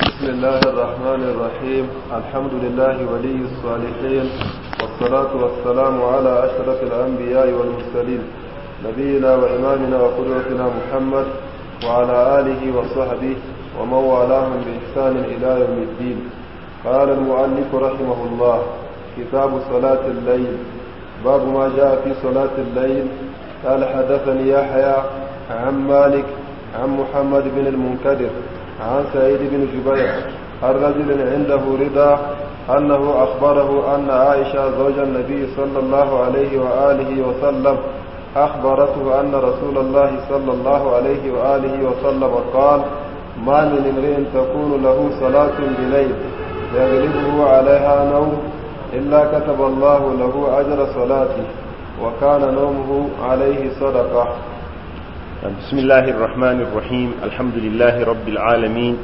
بسم الله الرحمن الرحيم الحمد لله ولي الصالحين والصلاة والسلام على أشرف الأنبياء والمرسلين نبينا وإمامنا وقدوتنا محمد وعلى آله وصحبه ومن والاهم بإحسان إلى يوم الدين قال المؤلف رحمه الله كتاب صلاة الليل باب ما جاء في صلاة الليل قال حدثني يحيى عن مالك عن محمد بن المنكدر عن سعيد بن جبير عن رجل عنده رضا أنه أخبره أن عائشة زوج النبي صلى الله عليه وآله وسلم أخبرته أن رسول الله صلى الله عليه وآله وسلم قال ما من امرئ تكون له صلاة بليل يغلبه عليها نوم إلا كتب الله له أجر صلاته وكان نومه عليه صدقة بسم الله الرحمن الرحيم الحمد لله رب العالمين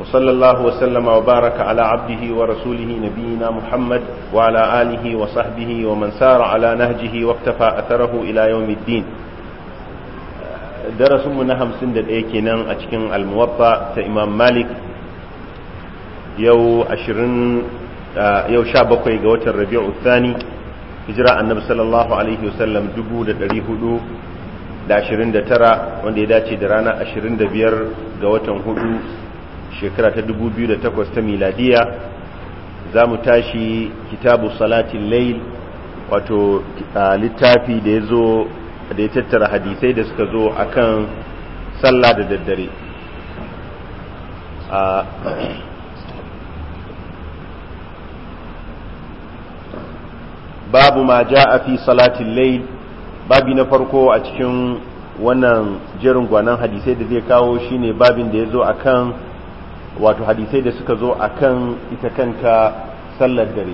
وصلى الله وسلم وبارك على عبده ورسوله نبينا محمد وعلى آله وصحبه ومن سار على نهجه واقتفى أثره إلى يوم الدين درس من نهم سند الأيكينان أتكن الموطأ إمام مالك يو أشرن يو شابقي قوة الربيع الثاني hijira annabi sallallahu alaihi wasallam tara wanda ya dace da rana ashirin da biyar ga watan hudu shekara ta dubu biyu da takwas ta miladiya za mu tashi kitabu salatin lail wato littafi da ya zo da ya tattara hadisai da suka zo akan sallah da daddare babu ma a fi salatin lai babi na farko a cikin wannan jerin gwanan hadisai da zai kawo shine babin da ya zo kan wato hadisai da suka zo a akan ita kanka sallar dare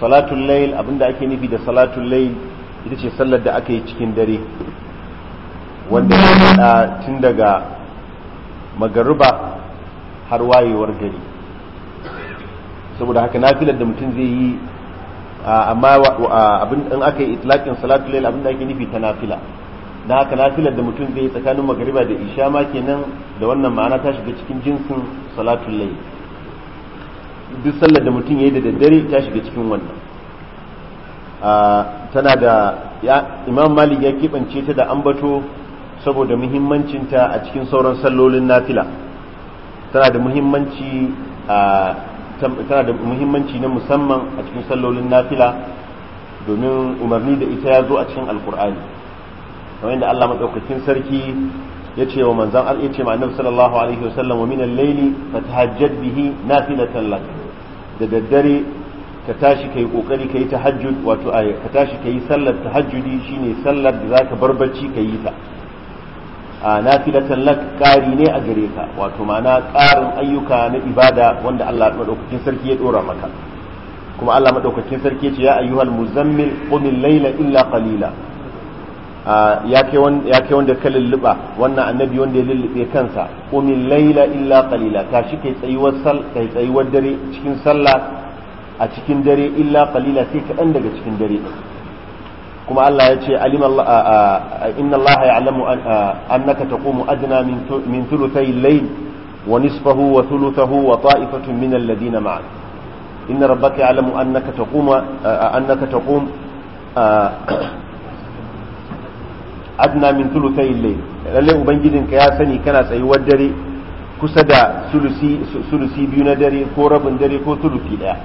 salatul layl abinda ake nufi da salatun lai ita ce sallar da aka yi cikin dare wanda ya hada tun daga magaruba har wayewar gari saboda haka na filar da mutum zai yi amma abin in aka yi itlaqin salatu layl abin da ake nufi ta nafila na haka nafilar da mutum zai tsakanin magariba da isha ma kenan da wannan ma'ana ta shiga cikin jinsin salatul layl duk sallar da mutum yayi da daddare ta shiga cikin wannan tana da imam malik ya kibance ta da ambato saboda muhimmancinta a cikin sauran sallolin nafila tana da muhimmanci a tana da muhimmanci na musamman a cikin sallolin nafila domin umarni da ita ya zo a cikin alkur'ani kamar yadda Allah madaukakin sarki ya ce wa manzon Allah ya ce ma annabi sallallahu alaihi sallam wa min al-layli fatahajjad bihi nafilatan lak da daddare ka tashi kai kokari kai tahajjud wato ka tashi kai sallar tahajjudi shine sallar da zaka barbarci kai ta a nafilatan tallak ƙari ne a gare ka wato ma'ana ƙarin ayyuka na ibada wanda Allah madaukakin sarki ya dora maka kuma Allah madaukakin sarki ya ce ya ayyuhal muzammil qumil layla illa qalila ya kai wanda ka lulluba wannan annabi wanda ya lullube kansa qumil layla illa qalila ka shi kai tsayuwar sal kai tsayuwar dare cikin sallah a cikin dare illa qalila sai kaɗan daga cikin dare kuma Allah ya ce alim inna Allah ya'lamu annaka taqumu adna min thuluthay al-layl wa nisfahu wa thuluthahu wa ta'ifatun min alladhina ma'ak inna rabbaka ya'lamu annaka taqumu annaka taqum adna min thuluthay al-layl lalle ubangijinka ya sani kana tsayuwar dare kusa da sulusi sulusi biyu na dare ko rabin dare ko thuluthi daya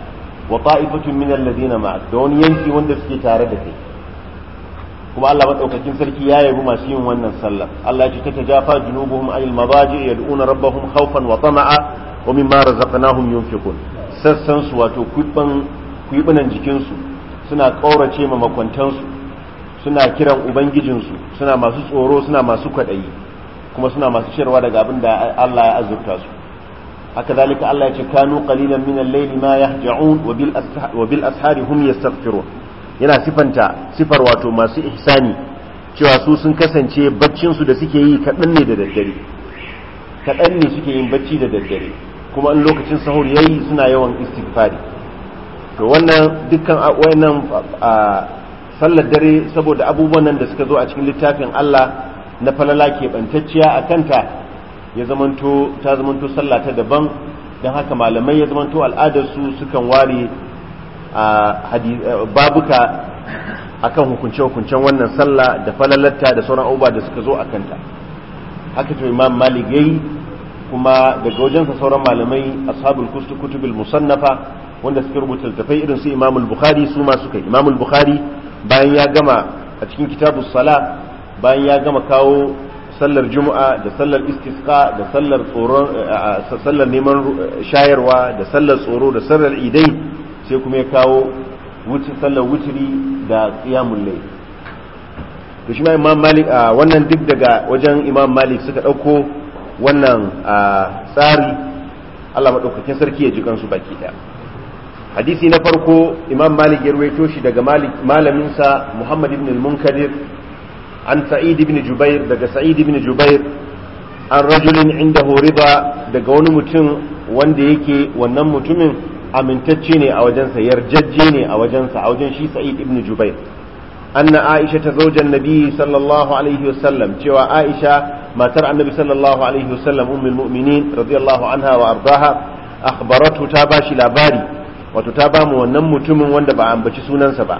wa ta'ifatun min alladhina ma'ak da wani yanki wanda suke tare da kai kuma Allah madaukakin sarki ya yabi masu yin wannan sallah Allah ya ce jafa junubuhum anil mabaji yad'una rabbahum khawfan wa tama'a wa mimma razaqnahum yunfiqun sassan su wato kuiban kuibunan jikin su suna kaurace ma makwantan su suna kiran ubangijin su suna masu tsoro suna masu kwadayi kuma suna masu shirwa daga abin da Allah ya azurta su haka zalika Allah ya ce kanu qalilan min al-layli ma yahja'un wa bil ashari hum yastaghfirun yana sifanta sifar wato masu ihsani cewa su sun kasance baccinsu da suke yi kaɗan ne da daddare kaɗan ne suke yin bacci da daddare kuma in lokacin sahur ya suna yawan istighfari to wannan dukkan wayannan sallar dare saboda abubuwan nan da suka zo a cikin littafin Allah na falala keɓantacciya a kanta ya zamanto ta zamanto sallah ta daban don haka malamai ya zamanto al'adarsu sukan ware A babuka akan hukunce-hukuncen wannan sallah da falalatta da sauran abubuwa da suka zo a kanta haka to imam malik yayi kuma daga wajensa sauran malamai ashabul kutubul musannafa wanda suka rubuta littafai irin su imam bukhari su ma suka imam al-bukhari bayan ya gama a cikin kitabus sala bayan ya gama kawo sallar juma'a da sallar istisqa da sallar tsoron sallar neman shayarwa da sallar tsoro da sallar idai sai kuma ya kawo sallar wuturi da ƙiyamun lai to shi ma imam malik wannan duk daga wajen imam malik suka ɗauko wannan tsari Allah maɗaukakin sarki ya ji kansu baki ɗaya hadisi na farko imam malik ya ruwaito shi daga malaminsa muhammad ibn al-munkadir an sa'id ibn jubair daga sa'id ibn jubair an rajulin inda horiba daga wani mutum wanda yake wannan mutumin amintacce ne a wajensa yarjajje ne a wajensa a wajen shi sa'id ibn jubair anna aisha ta zaujan nabi sallallahu alaihi wasallam cewa aisha matar annabi sallallahu alaihi wasallam ummul mu'minin radiyallahu anha wa ardaha akhbaratu ta bashi labari wato ta ba mu wannan mutumin wanda ba ambaci sunansa ba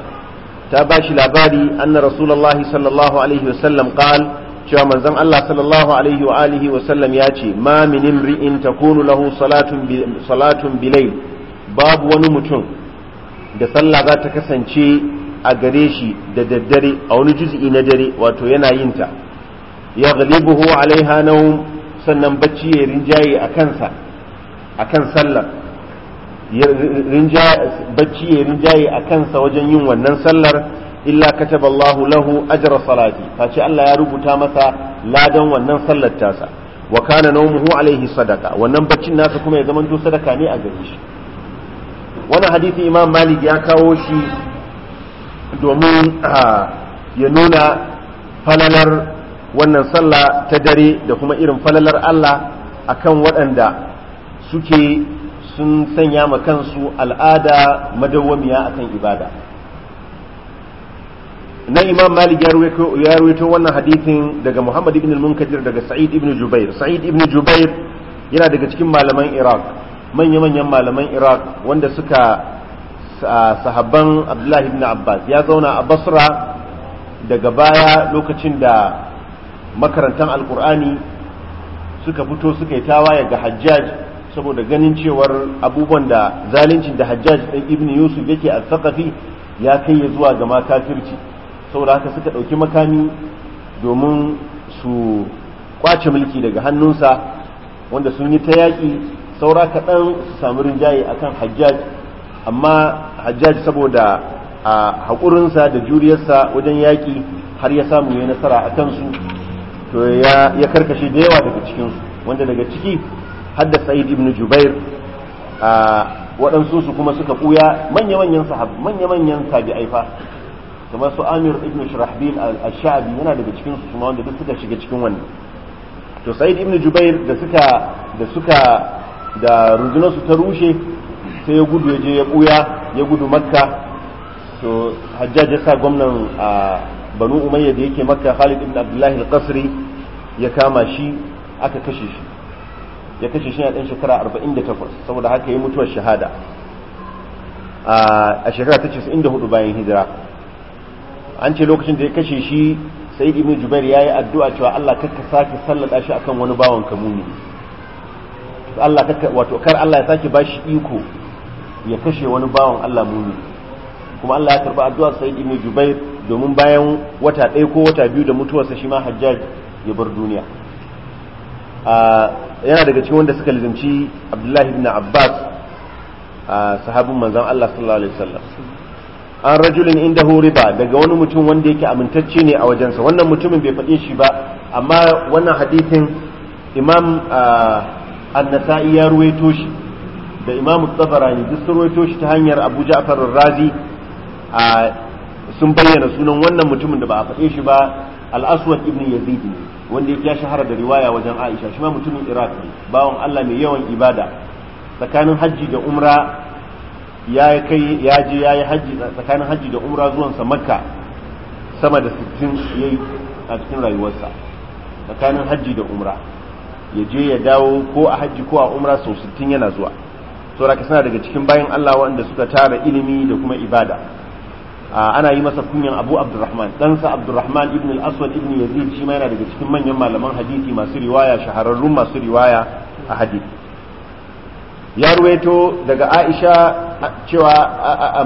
ta bashi labari anna rasulullahi sallallahu alaihi wasallam qala cewa manzon Allah sallallahu alaihi wa alihi wa sallam ya ce ma min imri'in takunu lahu salatun bi salatun babu wani mutum da sallah za ta kasance a gare shi da daddare a wani juz'i na dare wato yana yin ta ya ghalibuhu alaiha nawm sannan bacci ya rinjaye a kansa a kan sallar bacci ya rinjaye a kansa wajen yin wannan sallar illa kataba Allahu lahu ajra salati face Allah ya rubuta masa ladan wannan sallar tasa wa kana nawmuhu alaihi sadaka wannan baccin nasa kuma ya zamanto sadaka ne a gare shi wannan hadithi imam malik ya kawo shi domin ya nuna falalar wannan sallah ta dare da kuma irin falalar Allah akan waɗanda suke sun sanya ma kansu al'ada madawwamiya akan ibada na imam malik ya ruwaito wannan hadithin daga muhammad ibn al-munkadir daga sa'id ibn jubair sa'id ibn jubair yana daga cikin malaman iraq manya-manyan malaman iraq wanda suka sahabban abdullahi ibn abbas ya zauna a basra daga baya lokacin da makarantar alkur'ani suka fito suka yi tawaye ga hajjaj saboda ganin cewar abubuwan da zalincin da hajjaj ɗan ibn yusuf yake a tsakafi ya kai ya zuwa ga makafirci saboda haka suka ɗauki makami domin su kwace mulki daga hannunsa wanda sun yi ta yaƙi saura kaɗan su samu rinjaye akan hajjaj amma hajjaj saboda a haƙurinsa da juriyarsa wajen yaƙi har ya samu ya nasara a kansu to ya karkashe da yawa daga cikinsu wanda daga ciki hadda sa'id ibn jubair a waɗansu su kuma suka ɓuya manya-manyan sahab manya-manyan tabi fa kamar su amir ibn shirahbil al-sha'abi yana daga cikinsu kuma wanda duk suka shiga cikin wannan to sa'id ibn jubair da suka da suka da rundunarsu ta rushe sai ya gudu ya je ya buya ya gudu makka to hajjaj ya sa gwamnan a banu umayya da yake makka khalid ibn abdullahi al-qasri ya kama shi aka kashe shi ya kashe shi a ɗan shekara 48 saboda haka ya mutuwar shahada a shekara ta 94 bayan hijira an ce lokacin da ya kashe shi sai ibn jubair yayi addu'a cewa Allah kakka sake sallada shi akan wani bawan kamuni Allah wato kar Allah ya sake bashi iko ya kashe wani bawan Allah muni kuma Allah ya karba addu'ar Sa'id ibn Jubair domin bayan wata ɗaya ko wata biyu da mutuwar sa shi ma Hajjaj ya bar duniya yana daga cikin wanda suka lizimci Abdullahi ibn Abbas sahabin manzon Allah sallallahu alaihi wasallam an rajulin indahu riba daga wani mutum wanda yake amintacce ne a wajensa wannan mutumin bai faɗi shi ba amma wannan hadithin imam annasa'i ya ruwaito shi da imamu tsabarani duk sun ruwaito shi ta hanyar abu ja'far razi a sun bayyana sunan wannan mutumin da ba a faɗe shi ba al-aswad ibn yazid ne wanda ya shahara da riwaya wajen aisha shi ma mutumin iraq ne bawan allah mai yawan ibada tsakanin hajji da umra ya kai ya je ya yi hajji tsakanin hajji da umra zuwansa makka sama da 60 yayi a cikin rayuwarsa tsakanin hajji da umra ya je ya dawo ko a hajji ko a umra sau sittin yana zuwa to ka suna daga cikin bayan Allah wanda suka tara ilimi da kuma ibada ana yi masa kunyan Abu Abdurrahman ɗansa Abdurrahman ibn al-Aswad ibn Yazid shi ma yana daga cikin manyan malaman hadisi masu riwaya shahararrun masu riwaya a hadisi ya ruwaito daga aisha cewa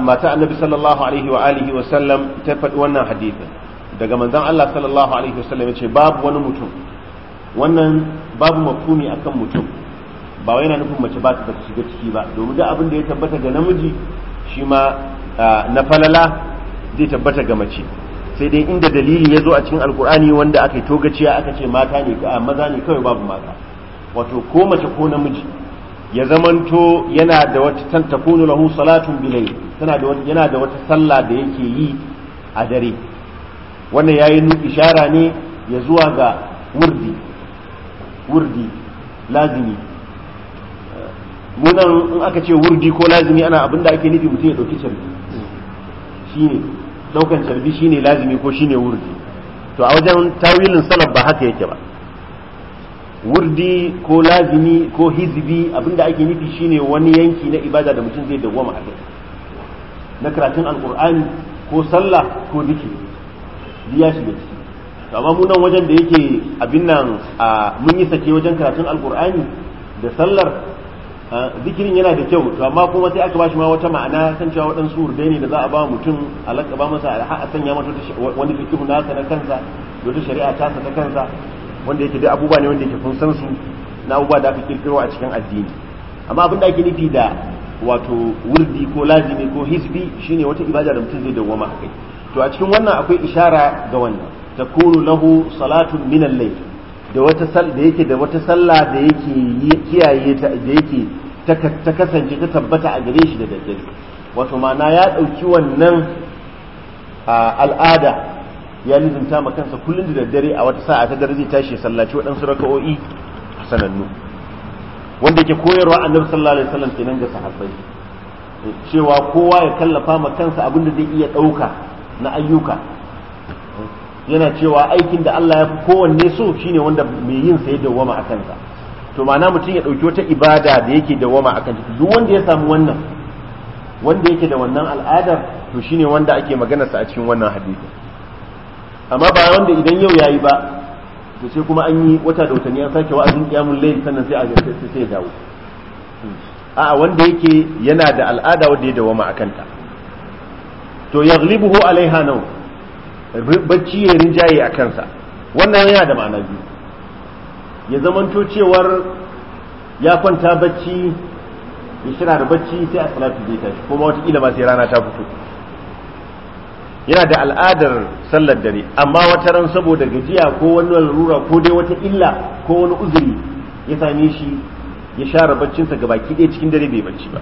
mata annabi sallallahu alaihi wa alihi wa sallam ta faɗi wannan hadithin daga manzon Allah sallallahu alaihi wa sallam ce babu wani mutum wannan babu mafhumi akan mutum ba wai yana nufin mace ba ta shiga ciki ba domin duk abin da ya tabbata ga namiji shi ma na falala zai tabbata ga mace sai dai inda dalili ya zo a cikin alkur'ani wanda aka yi togaciya aka ce mata ne maza ne kawai babu mata wato ko mace ko namiji ya zamanto yana da wata tan lahu salatun bilai yana da wata sallah da yake yi a dare wannan yayin ishara ne ya zuwa ga wurdi wurdi lazimi munan in aka ce wurdi ko lazimi ana abin da ake nufi mutum ya ɗauki carbi ne ɗaukan carbi ne lazimi ko shi ne wurdi to a wajen tawilin salaf ba haka yake ba wurdi ko lazimi ko hizbi abin da ake nufi ne wani yanki na ibada da mutum zai dawwama a kai na karatun alkur'ani ko sallah ko zikiri shi da ciki to amma mu nan wajen da yake abin nan mun yi sake wajen karatun alkur'ani da sallar zikirin yana da kyau to amma kuma sai aka bashi ma wata ma'ana san cewa waɗansu urdai ne da za a ba mutum alaka ba masa a sanya mata wani fikihu nasa na kansa da wata shari'a ta ta kansa wanda yake dai abubuwa ne wanda yake kun san su na abubuwa da aka kirkiro a cikin addini amma abin da ake nufi da wato wurdi ko lazimi ko hisbi shine wata ibada da mutum zai dawwama a kai to a cikin wannan akwai ishara ga wannan takunu lahu salatun min al-layl da wata sallah da yake da wata sallah da yake kiyaye ta da yake ta kasance ta tabbata a gare shi da daddare wato ma'ana ya ɗauki wannan al'ada ya lizinta ma kansa kullum da daddare a wata sa'a ta dare zai tashi ya sallaci waɗansu raka'o'i sanannu wanda yake koyarwa annabi sallallahu alaihi wasallam kenan ga sahabbai cewa kowa ya kallafa ma kansa abin da zai iya ɗauka na ayyuka yana cewa aikin da Allah ya fi kowanne so shine wanda mai yin sa ya dawwama a kansa to ma'ana mutum ya ɗauki wata ibada da yake dawwama a kanta duk wanda ya samu wannan wanda yake da wannan al'adar to shine wanda ake maganarsa a cikin wannan hadisi amma ba wanda idan yau ya yi ba to sai kuma an yi wata da watanni an sake wa'azin qiyamul layl sannan sai a sai ya dawo a wanda yake yana da al'ada wanda ya dawama a kanta to yaghlibuhu alaiha nau bacci ya rinjaye a kansa wannan yana da ma'ana biyu ya zamanto cewar ya kwanta bacci ya shira da bacci sai a salatu zai tashi kuma watakila ba sai rana ta fito yana da al'adar sallar dare amma wata ran saboda gajiya ko wani larura ko dai wata illa ko wani uzuri ya same shi ya share baccinsa gaba ɗaya cikin dare bai bacci ba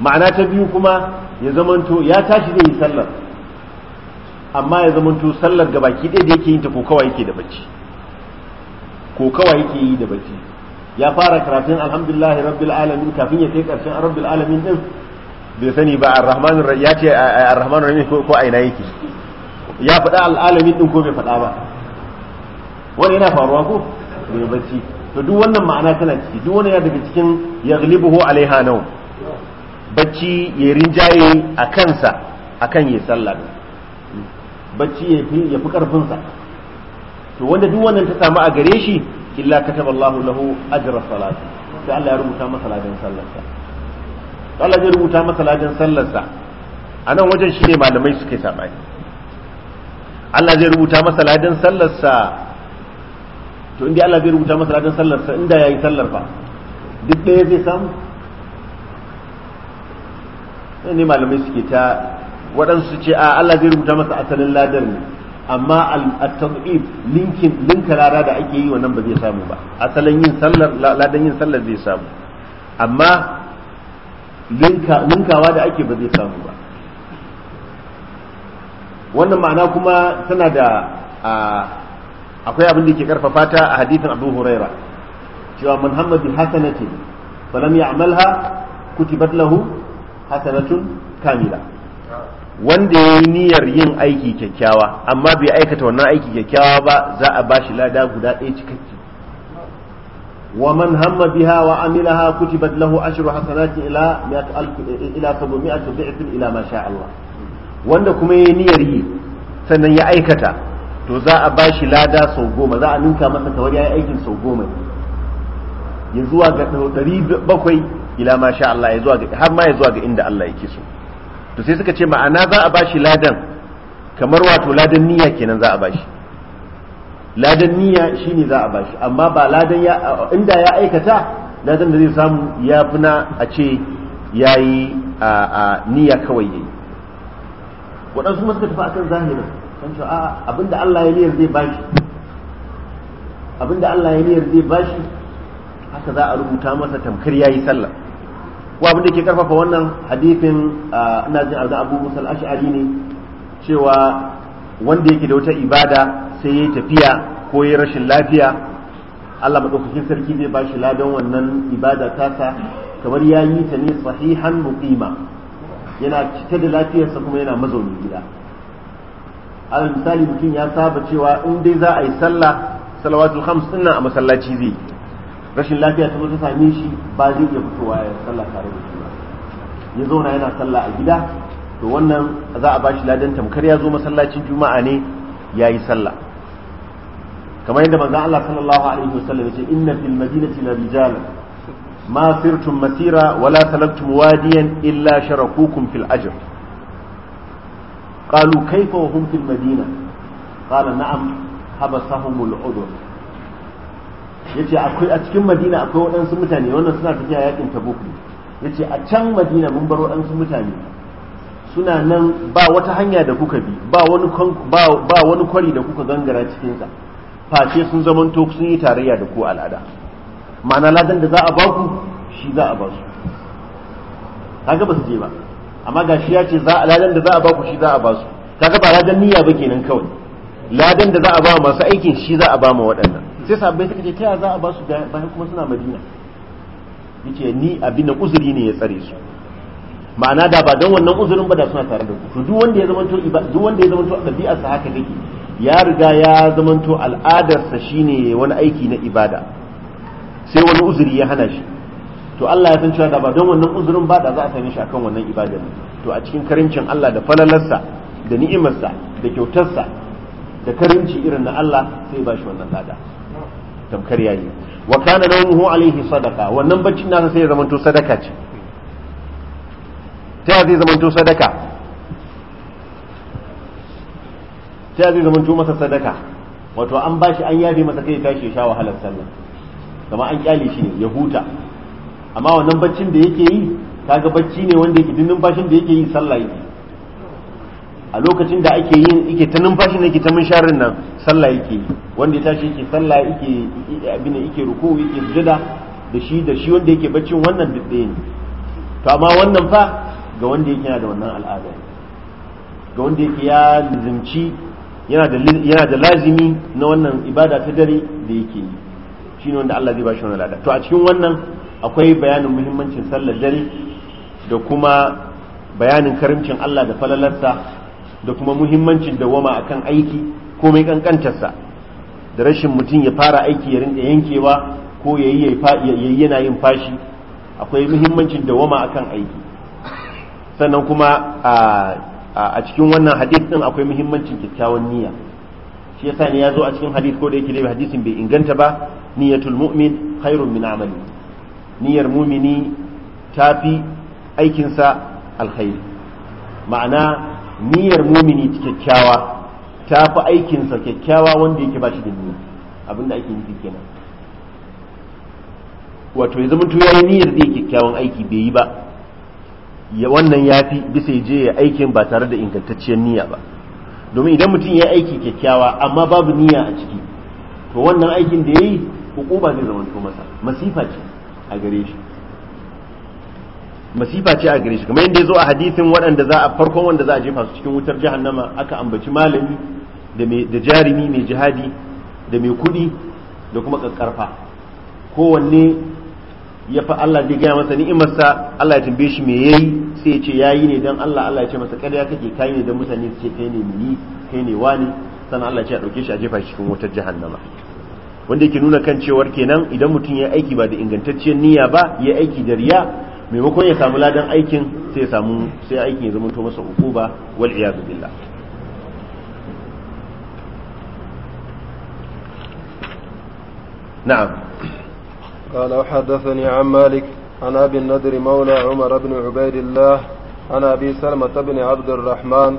ma'ana ta biyu kuma ya zamanto ya tashi zai yi sallar amma ya zamanto sallar baki ɗaya da yake yin ta ko kawai yake da bacci ko kawai yake yi da bacci ya fara karatun alhamdulillahi rabbil alamin kafin ya kai karshen rabbil alamin din bai sani ba arrahmanur ya ce arrahmanur rahim ko aina yake ya faɗa al'alamin din ko bai faɗa ba wani yana faruwa ko bai bacci to duk wannan ma'ana tana ciki duk wani ya daga cikin yaghlibuhu alaiha nau bacci ya rinjaye a kansa akan ya sallah bacci ya fi ya fi karfin sa to wanda duk wannan ta samu a gare shi illa kataba Allahu lahu ajra salati sai Allah ya rubuta masa ladan sallarsa To Allah zai rubuta masa ladan sallarsa a nan wajen shi ne malamai suke sabani Allah zai rubuta masa ladan sallarsa to inda Allah zai rubuta masa ladan sallarsa inda yayi sallar fa duk ɗaya zai samu ne malamai suke ta waɗansu ce a Allah zai rubuta masa asalin ladar ne amma at-tad'ib linkin linka lada da ake yi wannan ba zai samu ba asalin yin sallar ladan yin sallar zai samu amma linka linkawa da ake ba zai samu ba wannan ma'ana kuma tana da akwai abin da ke karfafa ta a hadithin Abu Huraira cewa man hamma bi hasanatin falam ya'malha kutibat lahu hasanatun kamila wanda ya yi niyyar yin aiki kyakkyawa amma bai aikata wannan aiki kyakkyawa ba za a bashi lada guda ɗaya cikakke wa man hamma biha wa amilaha kutibat lahu ashru hasanati ila ila mi'at dhi'f ila ma sha Allah wanda kuma ya yi niyyar yi sannan ya aikata to za a bashi lada sau goma za a ninka masa kawai ya yi aikin sau goma ya zuwa ga ɗari bakwai ila ma sha Allah ya zuwa ga har ma ya zuwa ga inda Allah yake so to sai suka ce ma'ana za a bashi ladan kamar wato ladan niyya kenan za a bashi ladan niyya shine za a bashi amma ba ladan ya inda ya aikata ladan da zai samu ya buna na a ce yayi a niyya kawai yayi waɗansu ma suka tafi akan zahirin san cewa a abinda Allah ya niyyar zai bashi abinda Allah ya niyyar zai bashi haka za a rubuta masa tamkar yayi sallah wa abin da ke karfafa wannan hadifin ina jin arda abu musal ash'ari ne cewa wanda yake da wata ibada sai ya tafiya ko ya rashin lafiya Allah madaukakin sarki zai ba shi ladan wannan ibada tasa kamar ya yi ta ne sahihan muqima yana cike da lafiyarsa kuma yana mazauni gida alal misali mutum ya saba cewa in dai za a yi sallah salawatul khams dinnan a masallaci zai rashin lafiya ta zo ta same shi ba zai iya fitowa ya sallah tare da shi ba ya zauna yana sallah a gida to wannan za a bashi ladan tamkar ya zo masallacin juma'a ne ya yi sallah kamar yadda manzon Allah sallallahu alaihi wasallam ya ce inna fil madinati la rijal ma sirtum masira wala talabtum wadiyan illa sharakukum fil ajr qalu kayfa wa hum fil madina qala na'am habasahum al udhr yace akwai a cikin madina akwai waɗansu mutane wannan suna tafiya yakin tabuk ne yace a can madina mun bar waɗansu mutane suna nan ba wata hanya da kuka bi ba wani ba wani kwari da kuka gangara cikin sa face sun zamanto sun yi tarayya da ku al'ada ma'ana ladan da za a baku shi za a ba su kaga ba su je ba amma ga shi ya ce ladan da za a baku shi za a ba su kaga ba ladan niyya ba kenan kawai ladan da za a ba masu aikin shi za a ba ma waɗannan sai sabbai suka ce ta za a ba su bayan kuma suna madina yace ni abin da uzuri ne ya tsare su ma'ana da ba don wannan uzurin ba da suna tare da ku duk wanda ya zamanto duk wanda ya zamanto ɗabi'arsa haka take ya riga ya zamanto al'adarsa shine wani aiki na ibada sai wani uzuri ya hana shi to Allah ya san cewa da ba don wannan uzurin ba da za a same shi akan wannan ibadar to a cikin karincin Allah da falalarsa da ni'imarsa da kyautarsa da karinci irin na Allah sai ba shi wannan tsada. tamkar yayi wa kana nawmuhu alayhi sadaka wannan baccin nasa sai ya zamanto sadaka ce ta ya zai zamanto sadaka ta ya zai zamanto masa sadaka wato an bashi an yabe masa kai tashi sha wahalar sallah kamar an kyale shi ne ya huta amma wannan baccin da yake yi kaga bacci ne wanda yake dinnin bashin da yake yi sallah yake a lokacin da ake yin ike ta numfashi ne ke ta munsharin nan sallah yake wanda ya tashi yake sallah yake abin da yake ruku yake sujada da shi da shi wanda yake baccin wannan duk ne to amma wannan fa ga wanda yake yana da wannan al'ada ga wanda yake ya lizimci yana da yana da lazimi na wannan ibada ta dare da yake yi shine wanda Allah zai ba shi wannan lada to a cikin wannan akwai bayanin muhimmancin sallar dare da kuma bayanin karimcin Allah da falalarsa da kuma muhimmancin dawama akan aiki komai kankantarsa da rashin mutum ya fara aiki ya rinka yankewa ko ya yi yana yin fashi akwai muhimmancin dawama akan aiki sannan kuma a cikin wannan hadith din akwai muhimmancin kyakkyawan niyya shi yasa ne ya zo a cikin hadith ko da yake dai hadisin bai inganta ba niyyatul mu'min khairun min amali niyyar mumini tafi aikinsa alkhairi ma'ana niyyar mumini kyakkyawa ta fi aikinsa kyakkyawa wanda yake ba shi da niyya abinda ake nufi kenan wato ya zama to yayi niyyar zai kyakkyawan aiki bai yi ba ya wannan ya fi bisa ya je ya aikin ba tare da ingantacciyar niyya ba domin idan mutum ya aiki kyakkyawa amma babu niyya a ciki to wannan aikin da ya yayi ba zai zama masa masifa ce a gare shi masifa ce a gare shi kamar yadda ya zo a hadisin waɗanda za a farkon wanda za a jefa su cikin wutar jahannama aka ambaci malami da jarumi mai jihadi da mai kuɗi da kuma ƙarƙarfa kowanne ya fa Allah zai gaya masa ni'imarsa Allah ya tambaye shi me yayi sai ya ce yayi ne dan Allah Allah ya ce masa kada ya kake kai ne dan mutane su ce kai ne mini kai ne wani sannan Allah ya ce a dauke shi a jefa shi cikin wutar jahannama wanda yake nuna kan cewar kenan idan mutum ya aiki ba da ingantacciyar niyya ba ya aiki da riya maimakon ya samu ladan aikin sai ya samu sai aikin ya zama to masa hukuma wal iyadu billah نعم قال وحدثني عن مالك عن ابي النضر مولى عمر بن عبيد الله عن ابي سلمه بن عبد الرحمن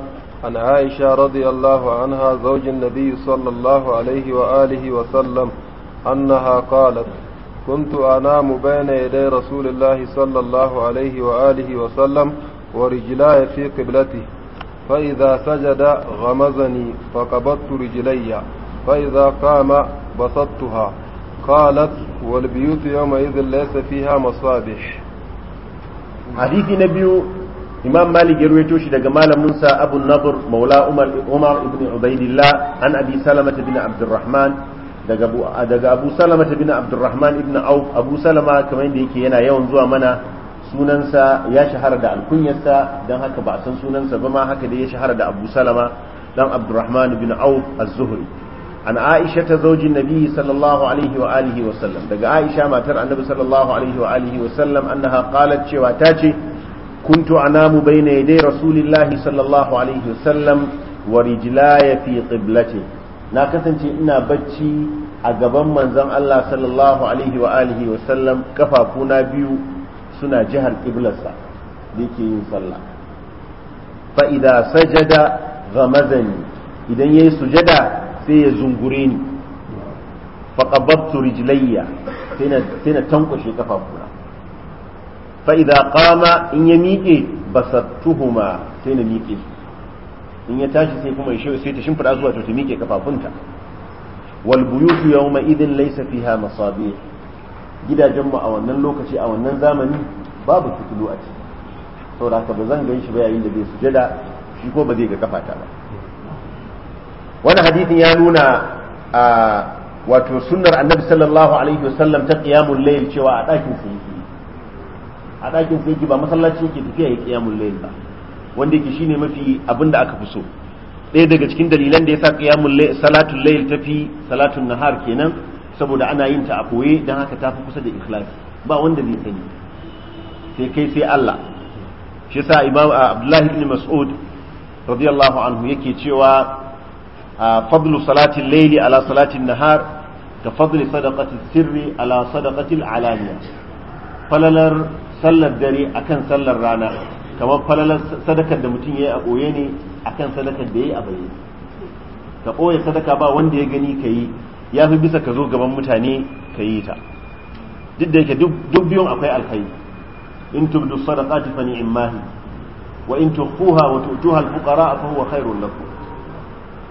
عن عائشه رضي الله عنها زوج النبي صلى الله عليه واله وسلم انها قالت كنت أنام بين يدي رسول الله صلى الله عليه وآله وسلم ورجلاي في قبلته فإذا سجد غمزني فقبضت رجلي فإذا قام بسطتها قالت والبيوت يومئذ ليس فيها مصابيح حديث نبي إمام مالك يروي توشي دقمال موسى أبو النضر مولى عمر ابن عبيد الله عن أبي سلمة بن عبد الرحمن daga abu salama ta bin abdurrahman ibn auf abu salama kamar yadda yake yana yawan zuwa mana sunansa ya shahara da alkunyarsa don haka ba a san sunansa ba ma haka da ya shahara da abu salama dan abdurrahman bin auf az-zuhri an aisha ta zaujin nabi sallallahu alaihi wa alihi wa sallam daga aisha matar annabi sallallahu alaihi wa alihi wa sallam annaha qalat cewa ta ce kuntu anamu bayna yaday rasulillahi sallallahu alaihi wa sallam wa rijlaya fi qiblatihi na kasance ina bacci a gaban manzon Allah sallallahu alaihi wa alihi wa sallam kafafuna biyu suna jihar qiblarsa da yake yin sallah fa idan sajada ghamazani idan yayi sujada sai ya zungure ni fa qabbtu rijlayya sai na sai kafafuna fa idza qama in ya miƙe basattuhuma sai na miƙe su in ya tashi sai kuma ya sai ta shimfida zuwa to ta miƙe kafafunta wal buyutu yawma idin laysa fiha masabih gidajen mu a wannan lokaci a wannan zamani babu fitilu a ciki saboda haka ba zan gan shi ba yayin da bai sujada shi ko ba zai ga kafata ba wannan hadisin ya nuna a wato sunnar annabi sallallahu alaihi wasallam ta qiyamul layl cewa a ɗakin sa yake a dakin sa yake ba masallaci yake tafiya ya qiyamul layl ba wanda yake shine mafi abinda aka fi so ɗaya daga cikin dalilan da yasa qiyamul layl salatul layl tafi salatul nahar kenan saboda ana yin ta a koye dan haka ta fi kusa da ikhlasi ba wanda zai sani sai kai sai Allah shi yasa imam ah, abdullahi ibn Mas'ud radiyallahu anhu yake cewa ah, fadlu salatin layli ala salatin nahar ka fadli sadaqati sirri ala sadaqati alaniya falalar sallar dare akan sallar rana kamar falalar sadakar da mutum ya yi a ɓoye ne akan sadakar da ya yi a bayyane ka ɓoye sadaka ba wanda ya gani ka yi ya fi bisa ka zo gaban mutane ka yi ta duk da yake duk biyun akwai alkhairi in tubdu sadaqati fa ni'mahi wa in tukhuha wa tu'tuha al-fuqara fa huwa khairun lakum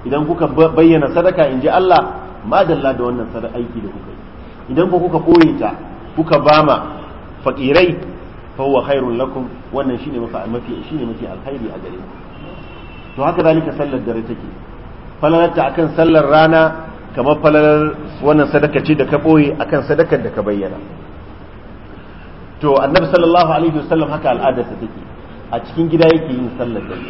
idan kuka bayyana sadaka in ji Allah madalla da wannan sadaka aiki da kuka yi idan ko kuka ɓoye ta kuka bama fakirai fa huwa khairul lakum wannan shine mafi shine mafi alkhairi a gare ku to haka zalika sallar dare take falalarta akan sallar rana kamar falalar wannan sadaka ce da ka boye akan sadakar da ka bayyana to annabi sallallahu alaihi wasallam haka al'adarsa take a cikin gida yake yin sallar dare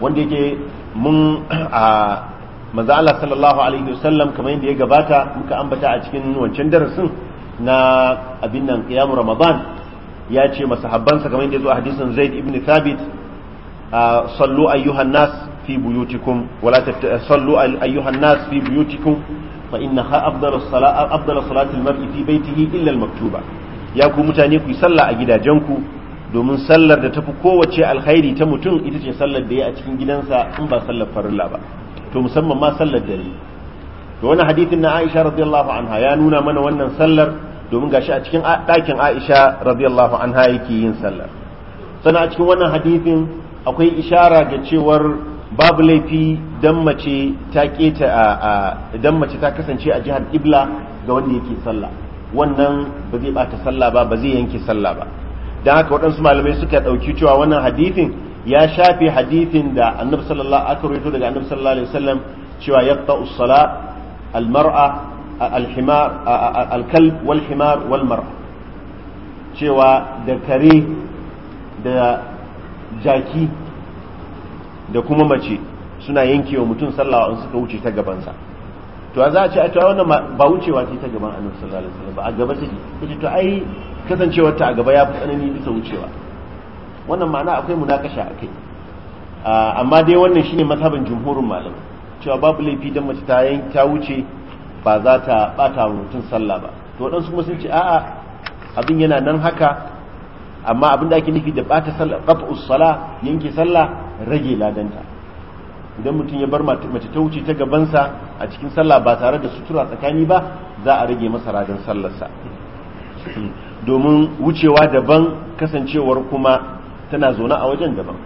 wanda yake mun a manzo Allah sallallahu alaihi wasallam kamar yadda ya gabata muka ambata a cikin wancan darasin na abin nan qiyam ramadan ya ce masahabbansa kamar yadda zo a hadisin zaid ibn thabit ah, sallu ayyuhan nas fi buyutikum wala sallu ayyuhan nas fi buyutikum fa innaha afdalu salati afdalu salati mari fi baytihi illa al-maktuba ya ku mutane ku yi sallah a gidajenku domin sallar da tafi kowace alkhairi ta mutum ita ce sallar da ya a cikin gidansa in ba sallar farilla ba to musamman ma sallar dare to wani hadithin na Aisha radiyallahu anha ya nuna mana wannan sallar domin ga shi a cikin ɗakin Aisha radiyallahu anha yake yin sallah sana a cikin wannan hadifin akwai ishara ga cewar babu laifi don mace ta kasance a jihar Ibla ga wanda yake sallah wannan ba zai bata sallah ba ba zai yanke sallah ba don haka waɗansu malamai suka ɗauki cewa wannan hadifin ya shafe hadifin da annabi sallallahu aka daga annabi sallallahu alaihi wasallam cewa yaqta'u usala alhimar الكلب والحمار والمرأة شوى mar'a cewa da kare da jaki da kuma mace suna yanke wa mutum sallah in suka wuce ta gabansa to a za a ce a cewa wannan ba wucewa ce ta gaban annabi sallallahu alaihi wasallam ba a gaba take kace to ai kasancewar ta a gaba ya fi tsanani bisa wucewa wannan ma'ana akwai munakasha akai amma dai wannan shine mazhabin jumhurin malam cewa babu laifi dan mace ta yanke ta wuce ba za ta bata wa mutum sallah ba to waɗansu kuma sun ce a'a abin yana nan haka amma abin da ake nufi da bata sallah qat'us sala yanke sallah rage ladanta idan mutum ya bar mace ta wuce ta gabansa a cikin sallah ba tare da sutura tsakani ba za a rage masa ladan sallarsa domin wucewa daban kasancewar kuma tana zaune a wajen daban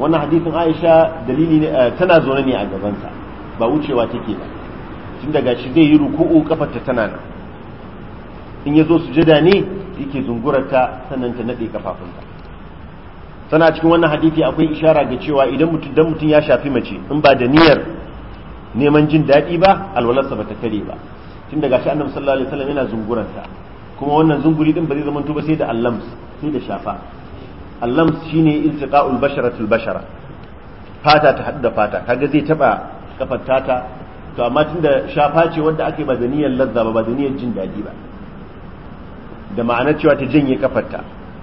wannan hadithin aisha dalili ne eh, tana zaune ne a gabansa ba wucewa take ba tun daga shi zai yi ruku'u kafarta tana nan in ya zo sujada ne yake zungurarta sannan ta nade kafafunta sana cikin wannan hadisi akwai ishara ga cewa idan mutum dan mutum ya shafi mace in ba da niyyar neman jin daɗi ba alwalarsa ba ta kare ba tun daga shi annabi sallallahu alaihi wasallam yana zungurarta kuma wannan zunguri din ba zai zama ba sai da allams sai da shafa allams shine iltiqa'ul basharatul bashara fata ta haɗu da fata kaga zai taba kafar tata to amma da shafa ce wanda ake ba da niyyar lazza ba ba da niyyar jin daɗi ba da ma'anar cewa ta janye kafarta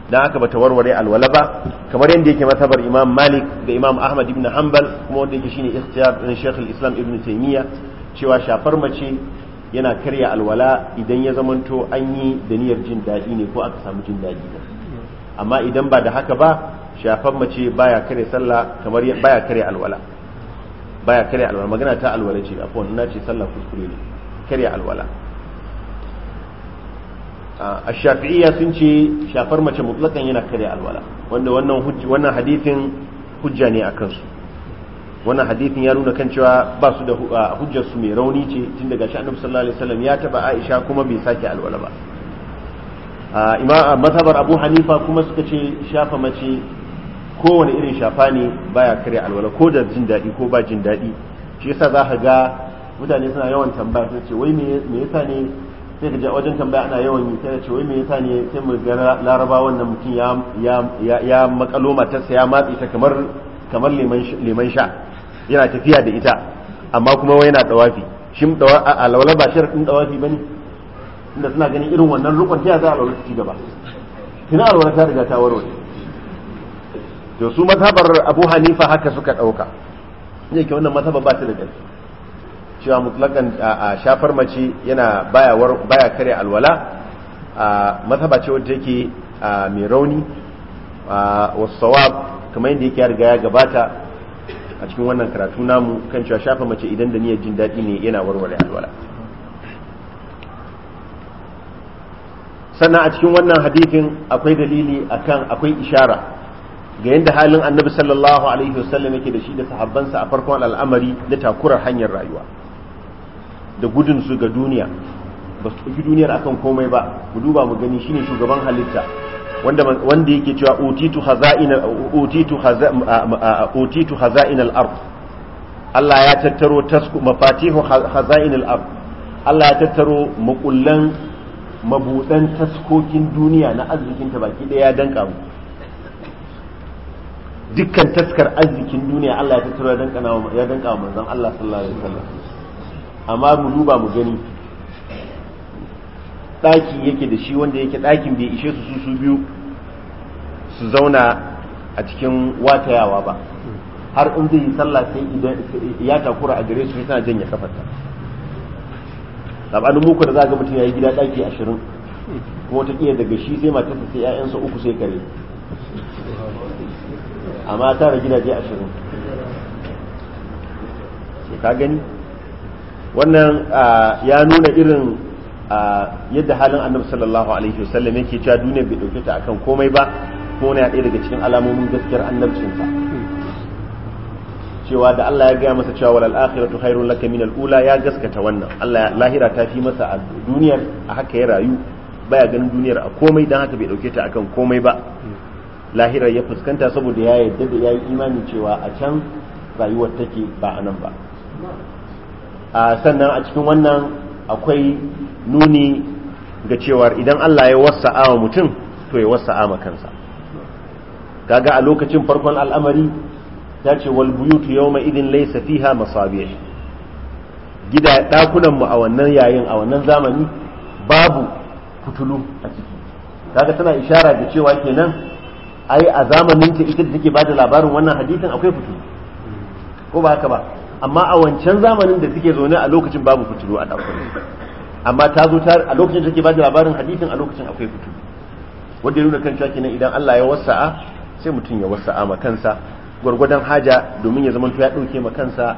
dan haka bata warware alwala ba kamar yadda yake masabar imam malik da imam ahmad ibn hanbal kuma wanda yake shine ikhtiyar din shaykh islam ibn taymiya cewa shafar mace yana karya alwala idan ya zamanto an yi da niyyar jin daɗi ne ko aka samu jin daɗi ba amma idan ba da haka ba shafar mace baya karya sallah kamar baya karya alwala baya karya alwala magana ta alwala ce afwan ina ce sallah kuskure ne karya alwala a shafi'iyya sun ce shafar mace mutlakan yana karya alwala wanda wannan wannan hadithin hujja ne akan su wannan hadithin ya nuna kan cewa ba su da hujjar su mai rauni ce tun daga shi annabi sallallahu alaihi wasallam ya taba Aisha kuma bai sake alwala ba imam mazhabar Abu Hanifa kuma suka ce shafa mace kowane irin shafa ne baya karya alwala ko da jin daɗi ko ba jin daɗi shi yasa za ka ga mutane suna yawan tambaya sai ce wai me yasa ne sai ka wajen tambaya ana yawan yi sai ce wai me yasa ne sai mu ga laraba wannan mutum ya ya makalo matarsa ya matsi ta kamar kamar liman sha yana tafiya da ita amma kuma wai yana dawafi shin alwala ba tsawafi dawafi bane inda suna ganin irin wannan rukun ta za a alwala ci gaba kina alwala ta riga ta warware to su mazhabar abu hanifa haka suka ɗauka ne ke wannan mazhabar ba ta da ƙarfi cewa mutlakan a shafar mace yana baya karya alwala a mazhaba ce wadda yake mai rauni a wasawab kamar yadda yake riga ya gabata a cikin wannan karatu namu kan cewa shafa mace idan da niyyar jin daɗi ne yana warware alwala sannan a cikin wannan hadithin akwai dalili akan akwai ishara ga yadda halin annabi sallallahu alaihi wasallam yake da shi da sahabbansa a farkon al'amari na takurar hanyar rayuwa da gudun su ga duniya ba su ɗauki duniyar akan komai ba mu duba mu gani shine shugaban halitta wanda wanda yake cewa utitu hazaina utitu haza utitu hazain ard Allah ya tattaro tasku mafatihu hazain ard Allah ya tattaro makullan mabudan taskokin duniya na arzikin ta baki daya dan mu. dukkan taskar arzikin duniya Allah ya tattaro ya danka wa manzon Allah sallallahu alaihi wasallam amma mu duba mu gani ɗaki yake da shi wanda yake ɗakin bai ishe su su su biyu su zauna a cikin watayawa ba har in zai yi sallah sai idan ya takura a gare su yana janye kafarta labarin muku da za ga mutum ya yi gida daki ashirin kuma wata daga shi sai matarsa sai 'ya'yansa uku sai kare amma tara gidaje ashirin sai ka gani wannan ya nuna irin yadda halin annabi sallallahu alaihi wasallam yake cewa duniya bai dauke ta akan komai ba ko na ɗaya daga cikin alamomin gaskiyar annabcinsa cewa da Allah ya gaya masa cewa wal akhiratu khairun laka min al ula ya gaskata wannan Allah lahira ta fi masa a duniyar a haka ya rayu baya ganin duniyar a komai dan haka bai dauke ta akan komai ba lahirar ya fuskanta saboda ya yarda da ya yi imani cewa a can rayuwar take ba a nan ba a sannan a cikin wannan akwai nuni ga cewar idan Allah ya wasa wa mutum to ya wasa ma kansa kaga a lokacin farkon al'amari ta ce walbuyutu yau mai idin laysa fiha masabih gida dakunan mu a wannan yayin a wannan zamani babu fitulu a ciki kaga tana ishara da cewa kenan ai a zamanin ta ita da take ba da labarin wannan hadisin akwai fitilu ko ba haka ba amma a wancan zamanin da suke zaune a lokacin babu fitilu a ɗaukar amma ta zo a lokacin da take ba da labarin hadisin a lokacin akwai fitilu wanda ya nuna kan cewa kenan idan Allah ya wasa'a sai mutum ya wasa'a ma kansa gwargwadon haja domin ya zama ya ɗauke ma kansa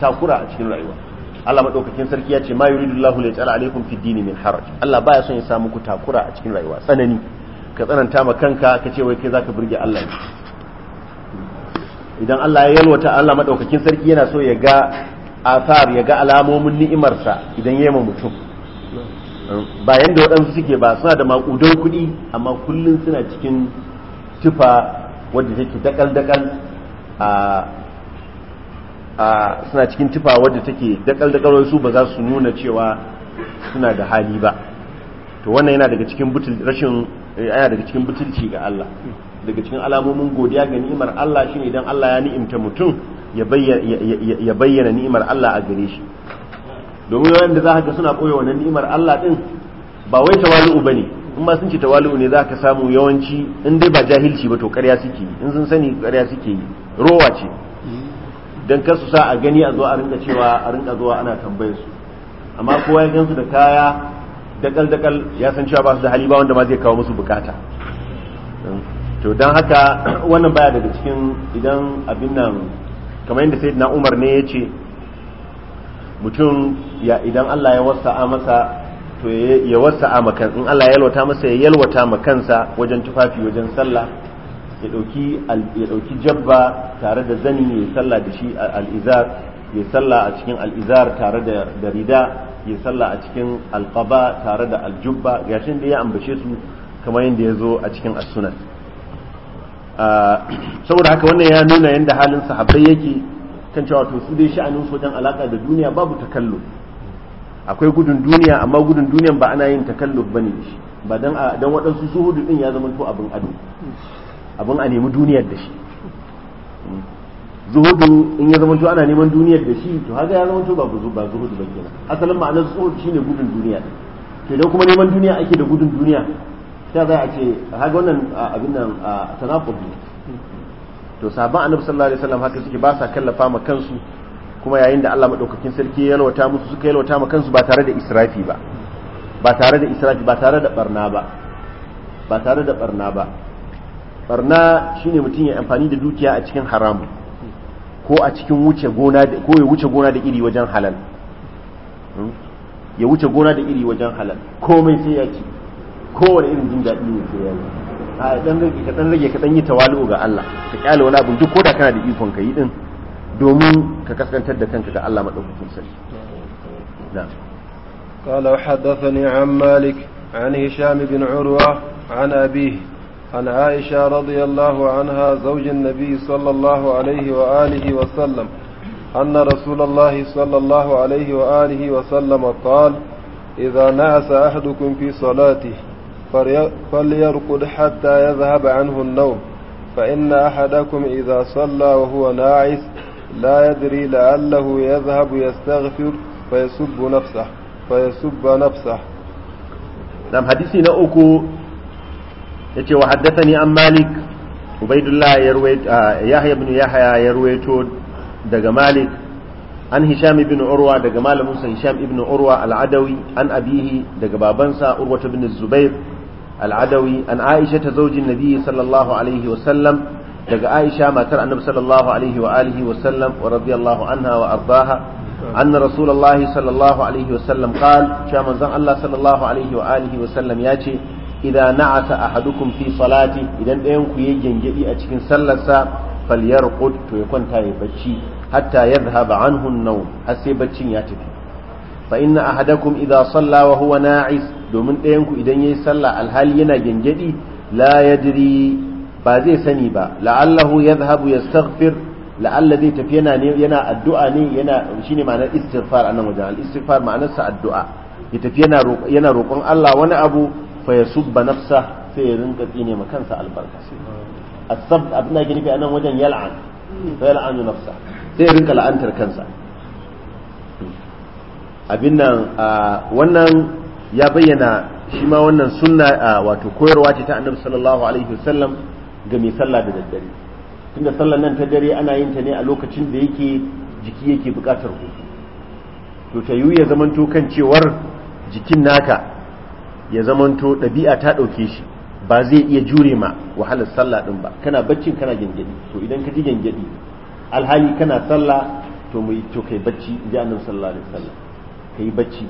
takura a cikin rayuwa Allah madaukakin sarki ya ce ma yuridullahu li yaj'ala alaykum fid dini min haraj Allah baya son ya samu ku takura a cikin rayuwa tsanani ka tsananta ma kanka ka ce wai kai za ka burge Allah idan Allah ya yalwata Allah madaukakin sarki yana so ya ga asar ya ga alamomin ni'imarsa idan ya yi mutum ba yanda waɗansu suke ba suna da maƙudan kuɗi amma kullum suna cikin tufa wadda take dakal-dakal a suna cikin tufa wadda take dakal-dakal su ba za su nuna cewa suna da hali ba to wannan yana daga cikin rashin Aya eh, daga cikin butulci ga Allah daga cikin alamomin godiya ga ni'imar Allah shine idan Allah ya ni'imta mutum ya bayyana ni'imar Allah a gare shi domin wanda za ka suna koyo wannan ni'imar Allah din ba wai tawali'u bane in ma sun ci tawali'u ne za ka samu yawanci in dai ba jahilci ba to ƙarya suke yi in sun sani ƙarya suke yi rowa ce dan kar su sa a gani a zo a rinka cewa a rinka zuwa ana tambayar su amma kowa ya gansu da kaya dakal dakal ya san cewa ba su da hali ba wanda ma zai kawo musu bukata to don haka wannan baya daga cikin idan abin nan kamar yadda sayyidina Umar ne ya ce mutum ya idan Allah ya wasa a masa to ya wasa a makan in Allah ya yalwata masa ya yalwata makansa wajen tufafi wajen sallah ya dauki ya dauki jabba tare da zani ya sallah da shi al-izar ya sallah a cikin al-izar tare da rida yi sallah a cikin alqaba tare da aljubba gashin da ya ambace su kamar yadda ya zo a cikin as-sunan ah, saboda haka wannan ya nuna yadda halin sahabbai yake kan cewa to su dai sha'anin su wajen alaka da duniya babu takallu akwai gudun duniya amma gudun duniyan ba ana yin takallu bane shi ba dan dan waɗansu suhudu din ya zama to abin ado abin a nemi duniyar da shi zuhudu in ya zamanto ana neman duniyar da shi to haka ya zama ba ba zuhudu ba kenan asalin ma'anar zuhudu shine gudun duniya to idan kuma neman duniya ake da gudun duniya ta za a ce haka wannan abin nan tanafur ne to sabon annabi sallallahu alaihi wasallam haka suke ba sa kallafa ma kansu kuma yayin da Allah madaukakin sarki ya yalwata musu suka yalwata ma kansu ba tare da israfi ba ba tare da israfi ba tare da barna ba ba tare da barna ba barna shine mutum ya amfani da dukiya a cikin haramun ko a cikin wuce gona ko ya wuce gona da iri wajen halal hmm? ya wuce gona da iri wajen halal komai sai ya ci kowane irin jin daɗi ne sai ya yi a dan rage ka dan rage ka dan yi tawali'u ga Allah ka kyale wani abin duk ko da kana da ikon ka yi din domin ka kaskantar da kanka ga Allah madaukakin sarki na قال وحدثني عن مالك عن هشام بن عروة عن أبيه عن عائشة رضي الله عنها زوج النبي صلى الله عليه وآله وسلم أن رسول الله صلى الله عليه وآله وسلم قال إذا نعس أحدكم في صلاته فليرقد حتى يذهب عنه النوم فإن أحدكم إذا صلى وهو ناعس لا يدري لعله يذهب يستغفر فيسب نفسه فيسب نفسه نعم حديثنا أكو yace wa haddathani an malik ubaidullah ya ruwaito ah, yahya ibn yahya ya ruwaito daga malik an hisham ibn urwa daga malamin sa hisham ibn urwa al-adawi an abihi daga babansa urwa ibn zubair al-adawi an aisha ta zaujin nabi sallallahu alaihi wa sallam daga aisha matar annabi sallallahu alaihi wa alihi wa sallam wa radiyallahu anha wa ardaha أن رسول الله صلى الله عليه وسلم قال شام زن الله صلى الله عليه وآله وسلم ياتي idza na'asa ahadukum fi salati idan ɗayan ku yayi gengedi a cikin sallarsa falyarqud to ya kwanta ya bacci hatta yadhhab anhu an-nawm har sai baccin ya tafi fa inna ahadakum idza salla wa huwa na'is domin ɗayan ku idan yayi sallah alhali yana gengedi la yadri ba zai sani ba la'allahu yadhhabu yastaghfir la'alla zai tafi yana yana addu'a ne yana shine ma'anar istighfar anan wajen al-istighfar ma'anarsa addu'a ya tafi yana roƙon Allah wani abu fa ya subba nafsa sai ya rinka tsine ma kansa albarka asab abin da ke nufi anan wajen yal'an fa yal'an nafsa sai ya rinka la'antar kansa abin nan wannan ya bayyana shi ma wannan sunna wato koyarwa ce ta annabi sallallahu alaihi wasallam ga mai sallah da daddare tunda sallar nan ta dare ana yin ta ne a lokacin da yake jiki yake buƙatar hutu to ta yiwu ya zamanto kan cewar jikin naka ya zamanto ɗabi'a ta ɗauke shi ba zai iya jure ma wahalar sallah ɗin ba kana baccin kana gyangyaɗi to idan ka ji gyangyaɗi alhali kana sallah to mai to kai bacci ji annabi sallallahu alaihi wasallam kai bacci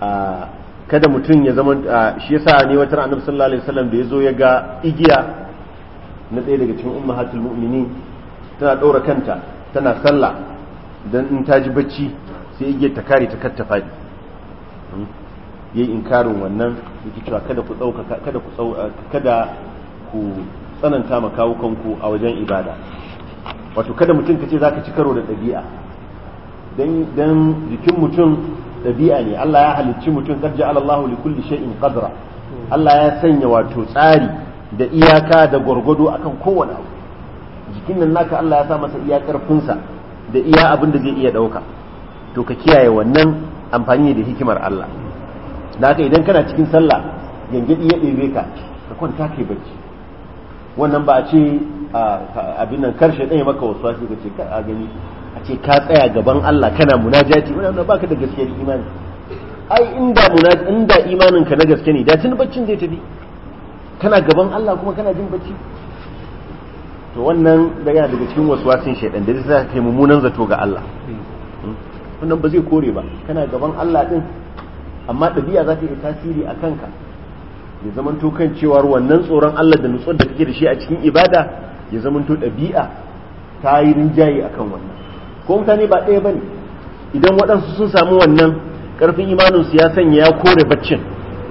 a kada mutum ya zama shi yasa ne wata annabi sallallahu alaihi wasallam da yazo ya ga igiya na ɗaya daga cikin ummahatul mu'minin tana ɗora kanta tana sallah dan in ta ji bacci sai igiyar ta kare ta kattafa yayi inkarin wannan ke cewa kada ku kada ku tsananta ma kawukanku a wajen ibada wato kada mutum ka ce ka ci karo da ɗabi'a don jikin mutum ɗabi'a ne Allah ya halicci mutum qad alallahu wa li kulli shay'in qadra Allah ya sanya wato tsari da iyaka da gwargwado akan kowane abu jikin nan naka Allah ya sa masa iya karfinsa da iya abin da zai iya ɗauka to ka kiyaye wannan amfani da hikimar Allah da haka idan kana cikin sallah gangadi ya ɗebe ka ka kwanta kai bacci wannan ba a ce abin nan karshe ɗaya maka wasu wasu ka ce a gani a ce ka tsaya gaban Allah kana munajati ba baka da gaskiyar imani ai inda munajati inda imanin ka na gaske ne da tun baccin zai tafi kana gaban Allah kuma kana jin bacci to wannan da yana daga cikin wasu wasin shaidan da zai sa kai mummunan zato ga Allah wannan ba zai kore ba kana gaban Allah din amma ɗabi'a za ta yi tasiri a kanka ya zamanto kan cewa wannan tsoron Allah da nutsuwar da kake da shi a cikin ibada ya zamanto ɗabi'a ta yi rinjaye a kan wannan ko mutane ba ɗaya ba ne idan waɗansu sun samu wannan ƙarfin imaninsu ya sanya ya kore baccin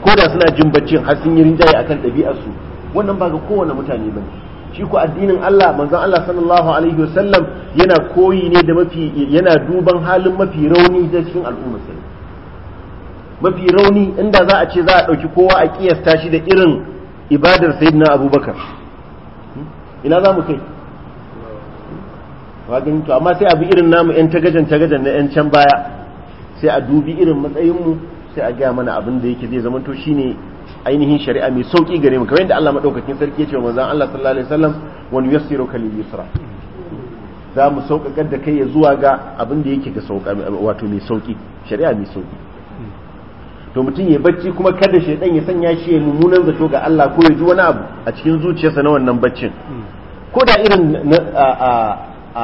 ko da suna jin baccin har sun yi rinjaye akan ɗabi'arsu wannan ba ga kowane mutane ba ne shi ku addinin Allah manzon Allah sallallahu alaihi wasallam yana koyi ne da mafi yana duban halin mafi rauni da cikin al'umma sai mafi rauni inda za a ce za a ɗauki kowa a kiyasta shi da irin ibadar sayyidina abubakar ina za mu kai wagin to amma sai abu irin namu yan tagajan tagajan na yan can baya sai a dubi irin matsayinmu sai a gaya mana abin da yake zai zamanto shine ainihin shari'a mai sauki gare mu kamar yadda Allah madaukakin sarki ya ce manzon Allah sallallahu alaihi wasallam wa nuyassiru kal yusra za mu saukakar da kai ya zuwa ga abin da yake ga sauƙa wato mai sauki shari'a mai sauki to mutum ya bacci kuma kada shaidan ya sanya shi ya mummunan zato ga Allah ko ya ji wani abu a cikin zuciyarsa na wannan baccin ko da irin a a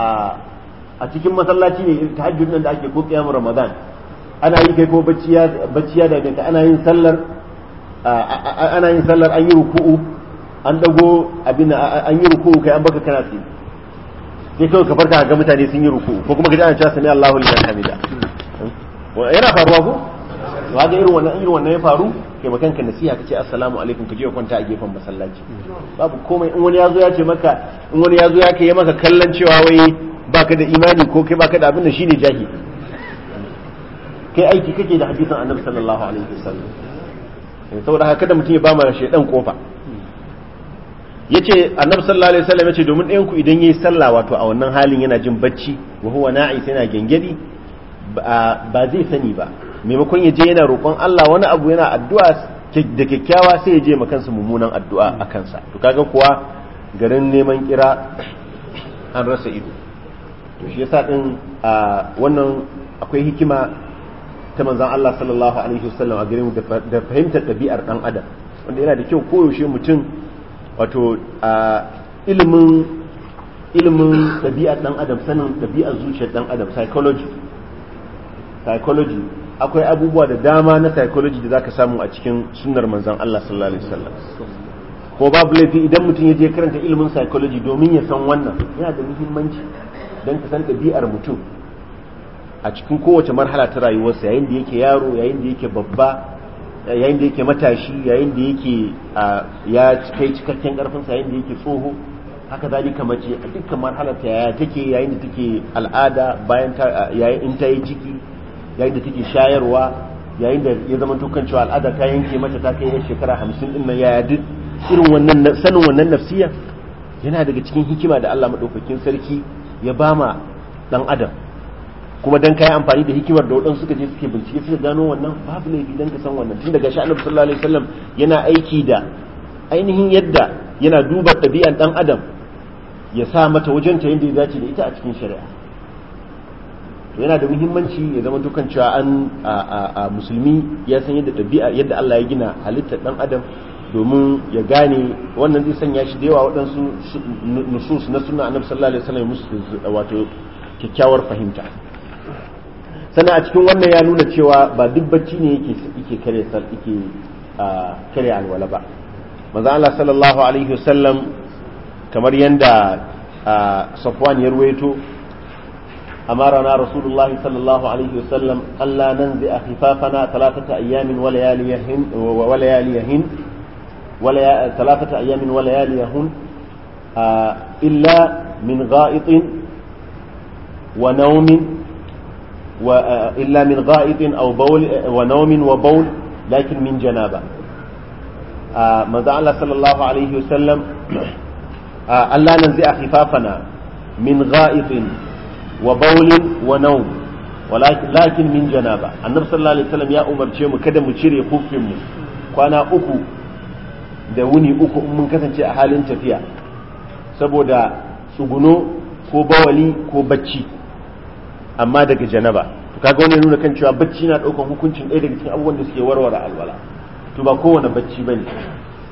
a cikin masallaci ne tahajjud nan da ake ko qiyamul ramadan ana yi kai ko bacci ya bacci ya ana yin sallar ana yin sallar an yi ruku'u an dago abin an yi ruku'u kai an baka kana tsaye sai kawai ka farka ga mutane sun yi ruku'u ko kuma ka ji ana cewa sami Allahu liman hamida yana faruwa ko ba ga irin wannan irin wannan ya faru kai makan ka nasiha kace assalamu alaikum ka je ka kwanta a gefen masallaci babu komai in wani yazo ya ce maka in wani yazo ya kai maka kallon cewa wai baka da imani ko kai baka da abin da shine jahili kai aiki kake da hadisin annabi sallallahu alaihi wasallam saboda haka kada mutum ya ba ma shaidan kofa yace annabi sallallahu alaihi wasallam yace domin ɗayan ku idan yayi sallah wato a wannan halin yana jin bacci wa huwa na'is yana gengedi ba zai sani ba maimakon ya je yana roƙon Allah wani abu yana addu'a da kyakkyawa sai ya je kansa mummunan addu'a a kansa to kaga kuwa garin neman kira an rasa ido to shi yasa din wannan akwai hikima ta manzan Allah sallallahu alaihi wasallam a gare mu da fahimtar ɗabi'ar ɗan adam wanda yana da kyau koyaushe mutum wato a ilimin ilimin ɗabi'ar ɗan adam sanin dabi'ar zuciyar ɗan adam psychology psychology akwai abubuwa da dama na psychology da zaka samu a cikin sunnar manzan Allah sallallahu alaihi wasallam ko babu laifi idan mutum ya je karanta ilimin psychology domin ya san wannan yana da muhimmanci don ka san ɗabi'ar mutum a cikin kowace marhala ta rayuwarsa yayin da yake yaro yayin da yake babba yayin da yake matashi yayin da yake ya kai cikakken karfinsa yayin da yake tsoho haka zalika mace a dukkan ta yaya take yayin da take al'ada bayan ta yayin in ta yi ciki yayin da take shayarwa yayin da ya zama tukan cewa al'ada ta yanke mata ta kai yan shekara hamsin din nan yaya duk irin wannan sanin wannan nafsiya yana daga cikin hikima da Allah madaukakin sarki ya bama dan adam kuma dan kai amfani da hikimar da wadansu suka je suke bincike suka gano wannan babu laifi dan ka san wannan tun daga shi annabi sallallahu alaihi wasallam yana aiki da ainihin yadda yana duba tabi'an dan adam ya sa mata wajen ta yadda ya dace da ita a cikin shari'a to yana da muhimmanci ya zama dukan cewa an a musulmi ya san yadda ɗabi'a yadda Allah ya gina halitta dan adam domin ya gane wannan zai sanya shi da yawa waɗansu nusus na sunna annabi sallallahu alaihi wasallam wato kyakkyawar fahimta sannan a cikin wannan ya nuna cewa ba duk bacci ne yake yake kare sal yake kare alwala ba manzo Allah sallallahu alaihi wasallam kamar yanda Safwan ya ruwaito أمرنا رسول الله صلى الله عليه وسلم ألا ننزع خفافنا ثلاثة أيام ولياليهن ولياليهن ولي... ثلاثة أيام ولياليهن إلا من غائط ونوم إلا من غائط أو بول ونوم وبول لكن من جنابة ماذا الله صلى الله عليه وسلم ألا ننزع خفافنا من غائط وبول ونوم ولكن لكن من جنابة النبي صلى الله عليه وسلم يا أمر جيم كده مشير يخف مني وأنا أكو da wuni uku in mun kasance a halin tafiya saboda tsuguno ko bawali ko bacci amma daga janaba to kaga wani nuna kan cewa bacci na daukan hukuncin ɗaya daga cikin abubuwan da suke warware alwala to ba kowane bacci bane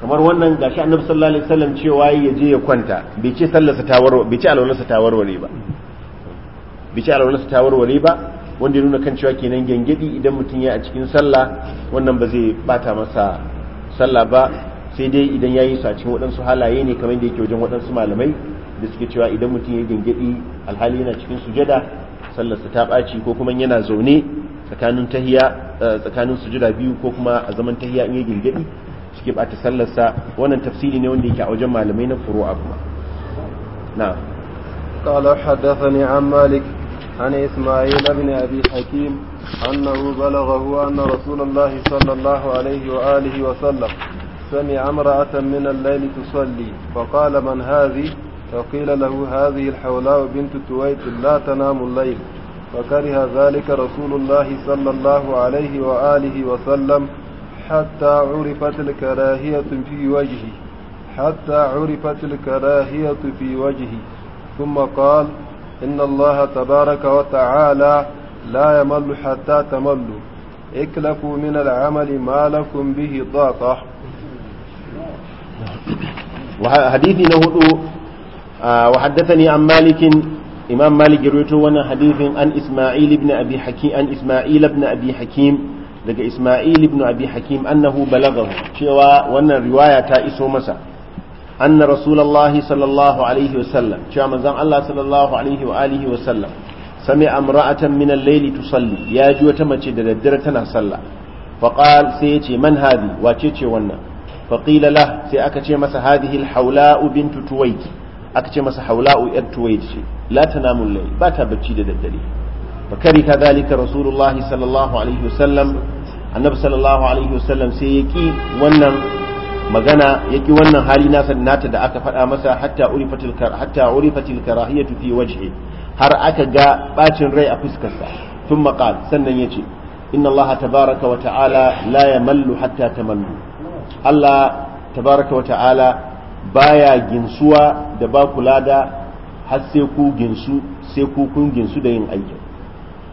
kamar wannan gashi annabi sallallahu alaihi wasallam cewa ya je ya kwanta bai ce sallarsa ta warware bai ce alwalarsa ta warware ba bai ce alwalarsa ta warware ba wanda ya nuna kan cewa kenan gangadi idan mutum ya a cikin sallah wannan ba zai bata masa sallah ba sai dai idan ya yi sacin waɗansu halaye ne kamar da yake wajen waɗansu malamai da suke cewa idan mutum ya gangadi alhali yana cikin sujada sallarsa ta ɓaci ko kuma yana zaune tsakanin tahiya eh, tsakanin sujuda biyu ko kuma a zaman tahiya in ya gingadi suke ɓata sallarsa wannan tafsiri ne wanda yake a wajen malamai na furu'a kuma na'am qala hadathani an malik عن إسماعيل hakim أبي حكيم أنه بلغه أن رسول الله صلى الله عليه وآله وسلم سمع امرأة من الليل تصلي فقال من هذه فقيل له هذه الحولاء بنت تويت لا تنام الليل فكره ذلك رسول الله صلى الله عليه وآله وسلم حتى عرفت الكراهية في وجهه حتى عرفت الكراهية في وجهه ثم قال إن الله تبارك وتعالى لا يمل حتى تملوا اكلفوا من العمل ما لكم به ضاقة وحديثنا هو وحدثني عن مالك إمام مالك رويته وانا حديث عن إسماعيل بن أبي حكيم عن إسماعيل بن أبي حكيم لقى إسماعيل بن أبي حكيم أنه بلغه شوى وانا رواية تائسه مسا أن رسول الله صلى الله عليه وسلم شوى من زم الله صلى الله عليه وآله وسلم سمع امرأة من الليل تصلي يا جوة مجد لدرتنا صلى فقال سيتي من هذه واتيتي وانا فقيل له سيأكتي مسا هذه الحولاء بنت تويكي aka ce masa haula'u yar tuwaid ce la tanamul layl ba ta bacci da daddare bakari ka zalika rasulullah sallallahu alaihi wasallam annab sallallahu alaihi wasallam sai ya ki wannan magana ya ki wannan hali nasa nata da aka faɗa masa hatta urifatil hatta urifatil karahiyatu fi wajhi har aka ga bacin rai a fuskarsa tun qala sannan ya ce inna allaha tabaraka wa ta'ala la yamallu hatta tamallu allah tabaraka wa ta'ala baya ginsuwa da ba kula da har sai ku ginsu sai ku kun ginsu da yin aikin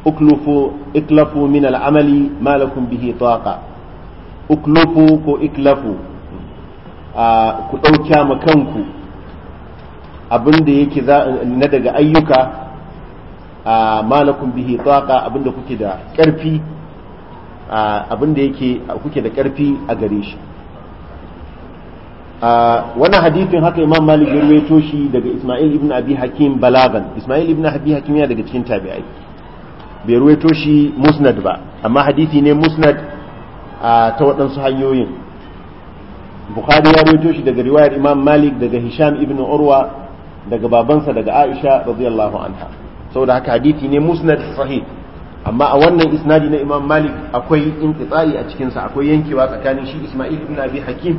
uklufu iklafu min al'amali malakum bihi taqa uklufu ko iklafu ku ɗauka ma kanku abin da yake na daga ayyuka malakum bihi taqa abin da kuke da ƙarfi abin da yake kuke da ƙarfi a gare shi wannan hadithin haka imam malik ya ruwaito shi daga isma'il ibn abi hakim balagan isma'il ibn abi hakim ya daga cikin tabi'ai bai ruwaito shi musnad ba amma hadithi ne musnad ta waɗansu hanyoyin bukhari ya ruwaito shi daga riwayar imam malik daga hisham ibn urwa daga babansa daga aisha radiyallahu anha saboda haka hadithi ne musnad sahih amma a wannan isnadi na imam malik akwai intitsai a cikinsa akwai yankewa tsakanin shi isma'il ibn abi hakim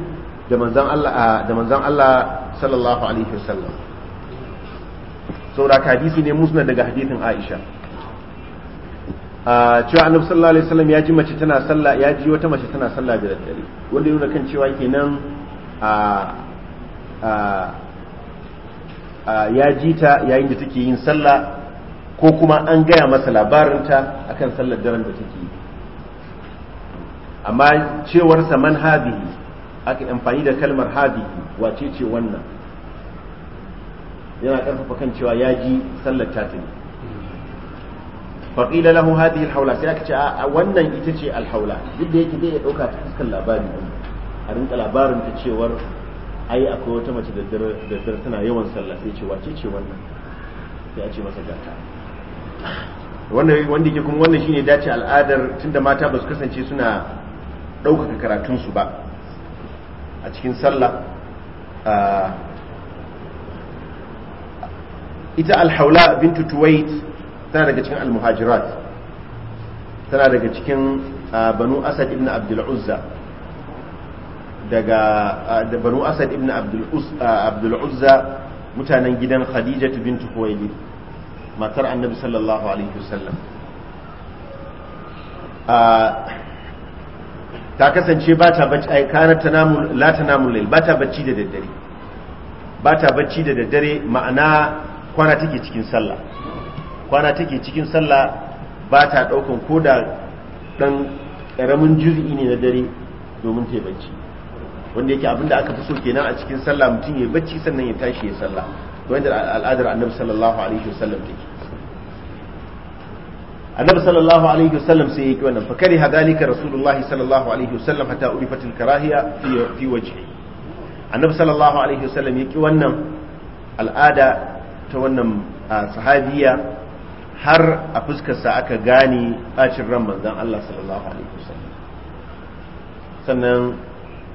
da manzan Allah da manzan Allah sallallahu alaihi wasallam saboda hadisi ne musna daga hadisin Aisha cewa annabi sallallahu alaihi wasallam ya ji mace tana sallah ya ji wata mace tana sallah da daddare wanda yana kan cewa kenan a a ya ji ta yayin da take yin sallah ko kuma an gaya masa labarin ta akan sallar daren da take yi amma cewarsa man hadihi aka amfani da kalmar hadihi wace ce wannan yana karfafa kan cewa ya ji sallar tafi faƙila lahu hadihi alhaula sai aka ce a wannan ita ce alhaula duk da yake dai ya ɗauka ta fuskar labari a rinka labarin ta cewar ai akwai wata mace da dare tana yawan sallah sai ce wace ce wannan sai a ce masa gata wannan wanda yake kuma wannan shine dace al'adar tunda mata ba su kasance suna ɗaukaka karatunsu ba a cikin sallah ita alhaula bintu tuwait tana daga cikin almuhajirat tana daga cikin banu asad ibn abdul uzza daga banu asad ibn abdul uzza mutanen gidan khadija bintu huwaili matar annabi sallallahu alaihi wasallam ta kasance ba ta bacci ai kana tanamu la namun lail ba ta bacci da daddare ba ta bacci da daddare ma'ana kwana take cikin sallah kwana take cikin sallah ba ta daukan koda dan karamin juz'i ne na dare domin ta bacci wanda yake abin da aka fi so kenan a cikin sallah mutum ya bacci sannan ya tashi ya sallah wanda al'adar annabi sallallahu alaihi wasallam take annabi sallallahu alaihi wasallam sai yake wannan fakari hadalika rasulullahi sallallahu alaihi wasallam hatta urifatil karahiya fi wajhi annabi sallallahu alaihi wasallam yake wannan al'ada ta wannan sahabiya har a fuskar sa aka gane bacin ran manzon Allah sallallahu alaihi wasallam sannan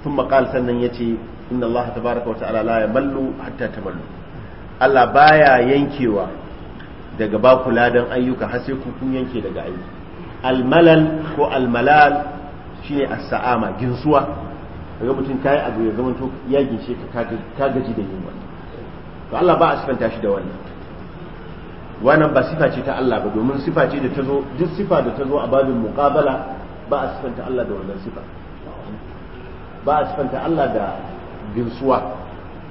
ثم قال sannan yace inna Allah tabaraka wa ta'ala la yamallu hatta tamallu Allah baya yankewa daga ba ku ladan ayyuka har sai ku kun yanke daga aiki almalal ko almalal shine as-sa'ama ginsuwa daga mutum kai abu ya zama to ya ginshe ka ka gaji da yin wannan to Allah ba a sifanta shi da wannan wannan ba sifa ce ta Allah ba domin sifa ce da ta zo duk sifa da ta zo a babin muqabala ba a sifanta Allah da wannan sifa ba a sifanta Allah da ginsuwa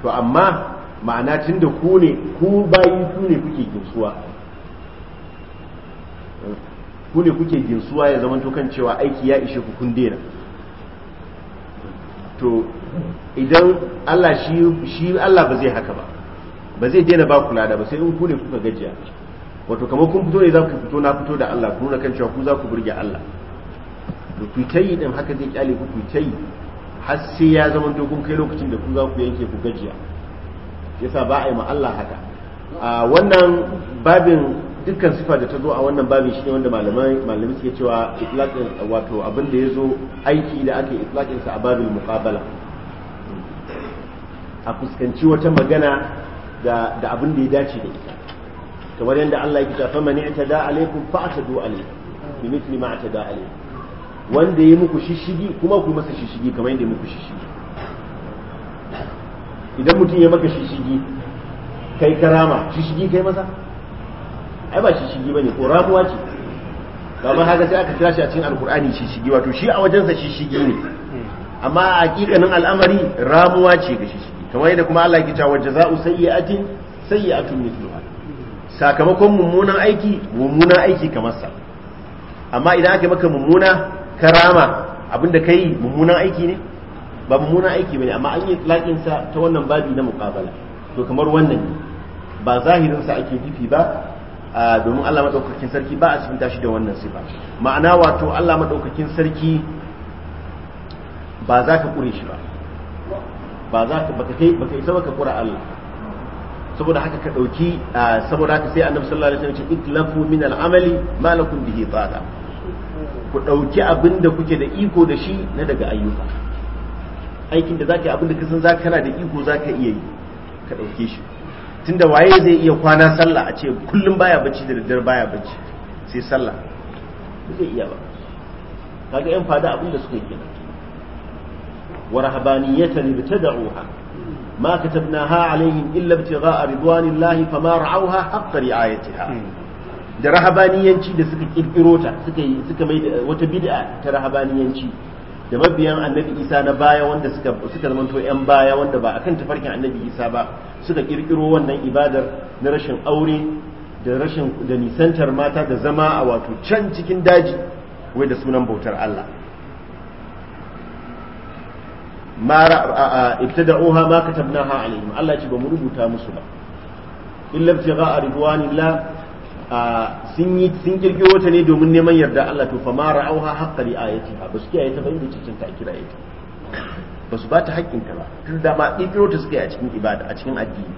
to amma ma'ana tun da ku ne ku bayi ku ne kuke ginsuwa ku ne kuke ginsuwa ya zama kan cewa aiki ya ishe ku kun daina to idan Allah shi shi Allah ba zai haka ba ba zai daina ba kula da ba sai in ku ne kuka gajiya wato kamar kun fito ne za ku fito na fito da Allah ku nuna kan cewa ku za ku burge Allah to ku ta yi din haka zai kyale ku ku ta yi har sai ya zama kun kai lokacin da ku za ku yanke ku gajiya yasa ba a yi ma Allah haka a wannan babin dukkan sifa da ta zo a wannan babin shi ne wanda malamai malamai suke cewa itlaqin wato abin da ya zo aiki da ake itlaqin sa a babin muqabala a fuskanci wata magana da da abin da ya dace da ita kamar yadda Allah yake tafa man i'tada alaikum fa'tadu alaikum mithli ma atada alaikum wanda ya muku shishigi kuma ku masa shishigi kamar yadda ya muku shishigi idan mutum ya maka shishigi kai karama shishigi kai masa ai ba shi shigi bane ko ramuwa ce kamar haka sai aka kira shi a cikin alkur'ani shi shigi wato shi a wajensa shi shigi ne amma a hakikanin al'amari ramuwa ce ga shi shigi kamar yadda kuma Allah ya kita wa za'u sayyi'ati sayyi'atu mithluha sakamakon mummunan aiki mummunan aiki kamar sa amma idan aka maka mummuna karama abinda kai mummunan aiki ne ba mummunan aiki bane amma an yi lakin sa ta wannan babi na muqabala to kamar wannan ne ba zahirin sa ake nufi ba domin Allah madaukakin sarki ba a cikin tashi da wannan sifa ma'ana wato Allah madaukakin sarki ba za ka kure shi ba ba za ka baka kai baka isa baka kura Allah saboda haka ka dauki saboda haka sai Annabi sallallahu alaihi wasallam ya ce itlafu min al'amali amali ma lakum bihi tsada ku dauki abin da kuke da iko da shi na daga ayyuka aikin da zaka yi abin da ka san zaka kana da iko zaka iya yi ka dauke shi tunda waye zai iya kwana sallah a ce kullum baya bacci da daddare baya bacci sai sallah ba zai iya ba kaga yan fada abinda suka yi kenan wa rahabaniyatan ibtada'uha ma katabnaha alaihim illa ibtigha'a ridwanillahi fama ra'awha haqqa ri'ayatiha da rahabaniyanci da suka ƙirƙiro ta suka yi suka mai wata bid'a ta rahabaniyanci da mabiyan annabi isa na baya wanda suka suka zamanto yan baya wanda ba kan tafarkin annabi isa ba suka kirkiro wannan ibadar na rashin aure da rashin da nisantar mata da zama a wato can cikin daji wai da sunan bautar Allah ma ibtada'uha ma katabnaha alaihim Allah ce ba mu rubuta musu ba illa ibtigha'a ridwanillah sun yi sun kirkiro ta ne domin neman yarda Allah to fa ma ra'auha haqqa ayati ba su kiyaye ta ba inda cikin ta kira ayati ba su ba ta haƙƙin ta ba tun da ma kirkiro ta suke a cikin ibada a cikin addini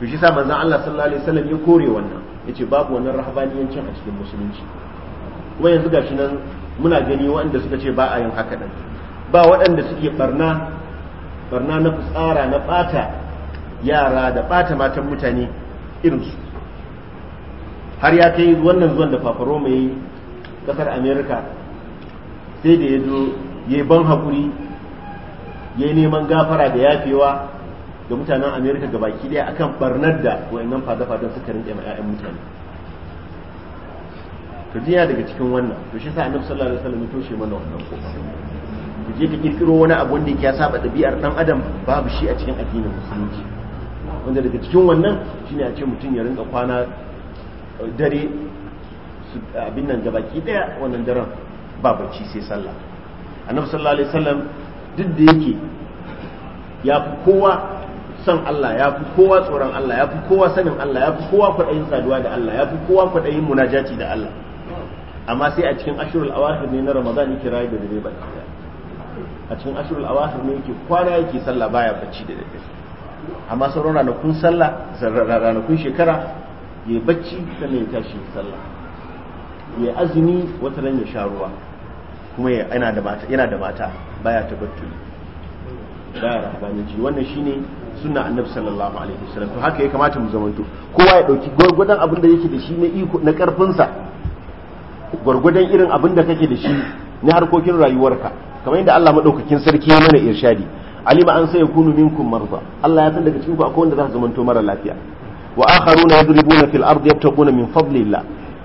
to shi sa manzon Allah sallallahu alaihi wasallam ya kore wannan yace babu wannan rahabaniyancin a cikin musulunci kuma yanzu gashi nan muna gani waɗanda suka ce ba a yin haka ɗin ba waɗanda suke barna barna na fitsara na ɓata yara da ɓata matan mutane irinsu har ya kai wannan zuwan da fafaro mai kasar america sai da ya zo ya ban haƙuri ya neman gafara da yafewa ga mutanen america ga baki daya akan barnar da wayannan fada-fadan suka rinƙe ma 'ya'yan mutane to jiya daga cikin wannan to shi sa annabi sallallahu alaihi wasallam ya toshe mana wannan kofa ku je ka kirkiro wani abu wanda ya saba ɗabi'ar dan adam babu shi a cikin addinin musulunci wanda daga cikin wannan shine a ce mutum ya rinka kwana dare su abin nan gabaki daya wannan daren ba bacci sai sallah annabi sallallahu alaihi wasallam duk da yake ya fi kowa son Allah ya fi kowa tsoron Allah ya fi kowa sanin Allah ya fi kowa kwaɗayin saduwa da Allah ya fi kowa kwaɗayin munajaci da Allah amma sai a cikin ashirul awakhir ne na ramadan yake rayu da dare baki a cikin ashirul awakhir ne yake kwana yake sallah baya bacci da dare amma sauran ranakun sallah ranakun shekara ya bacci sannan ya tashi sallah ya azumi wata nan ya sha ruwa kuma yana da mata baya ta mata baya tabattuli baya rahabanci wannan shine sunna annabi sallallahu alaihi wasallam to haka ya kamata mu zamanto kowa ya dauki gwargwadon abin da yake da shi na iko na karfin gwargwadon irin abin da kake da shi na harkokin rayuwarka kamar yadda Allah madaukakin sarki ya mana irshadi alima an sai yakunu minkum marza Allah ya san daga cikin ku akwai wanda za su zamanto mara lafiya wa akharuna yadribuna fil ardi yabtaquna min fadlillah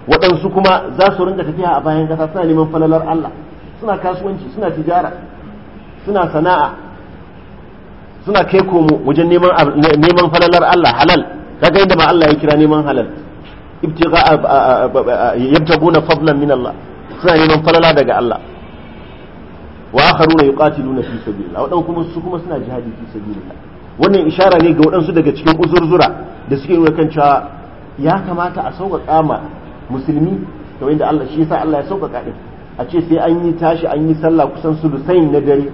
waɗansu kuma za su rinka tafiya a bayan ƙasa suna neman falalar Allah suna kasuwanci suna tijara suna sana'a suna kai komo wajen neman falalar Allah halal kaga yadda ma Allah ya kira neman halal yabtaguna fadlan min Allah suna neman falala daga Allah wa akharuna yuqatiluna fi sabilillah waɗansu kuma su kuma suna jihadi fi sabilillah wannan ishara ne ga waɗansu daga cikin uzurzura da suke yi kan cewa ya kamata a sauƙaƙa ma musulmi kamar da Allah shi yasa Allah ya sauƙaƙa ɗin a ce sai an yi tashi an yi sallah kusan sulusain na dare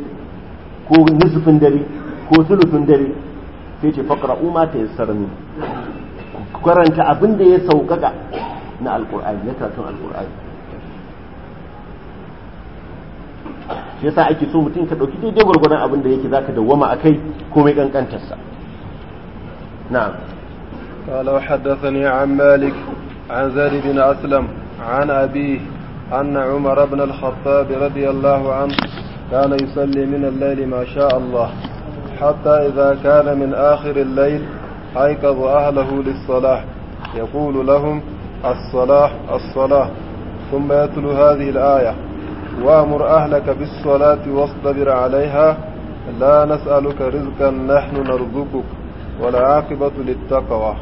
ko nisfin dare ko sulufin dare sai ce faqra'u ma yi sarami karanta abin da ya sauƙaƙa na alƙur'ani na karatun alƙur'ani shi yasa ake so mutum ka ɗauki daidai gwargwadon abin da yake zaka dawwama akai komai kankantarsa na'am قال حدثني عن مالك عن زيد بن أسلم عن أبيه أن عمر بن الخطاب رضي الله عنه كان يصلي من الليل ما شاء الله حتى إذا كان من آخر الليل أيقظ أهله للصلاة يقول لهم الصلاة الصلاة ثم يتلو هذه الآية وامر أهلك بالصلاة واصطبر عليها لا نسألك رزقا نحن نرزقك والعاقبة للتقوى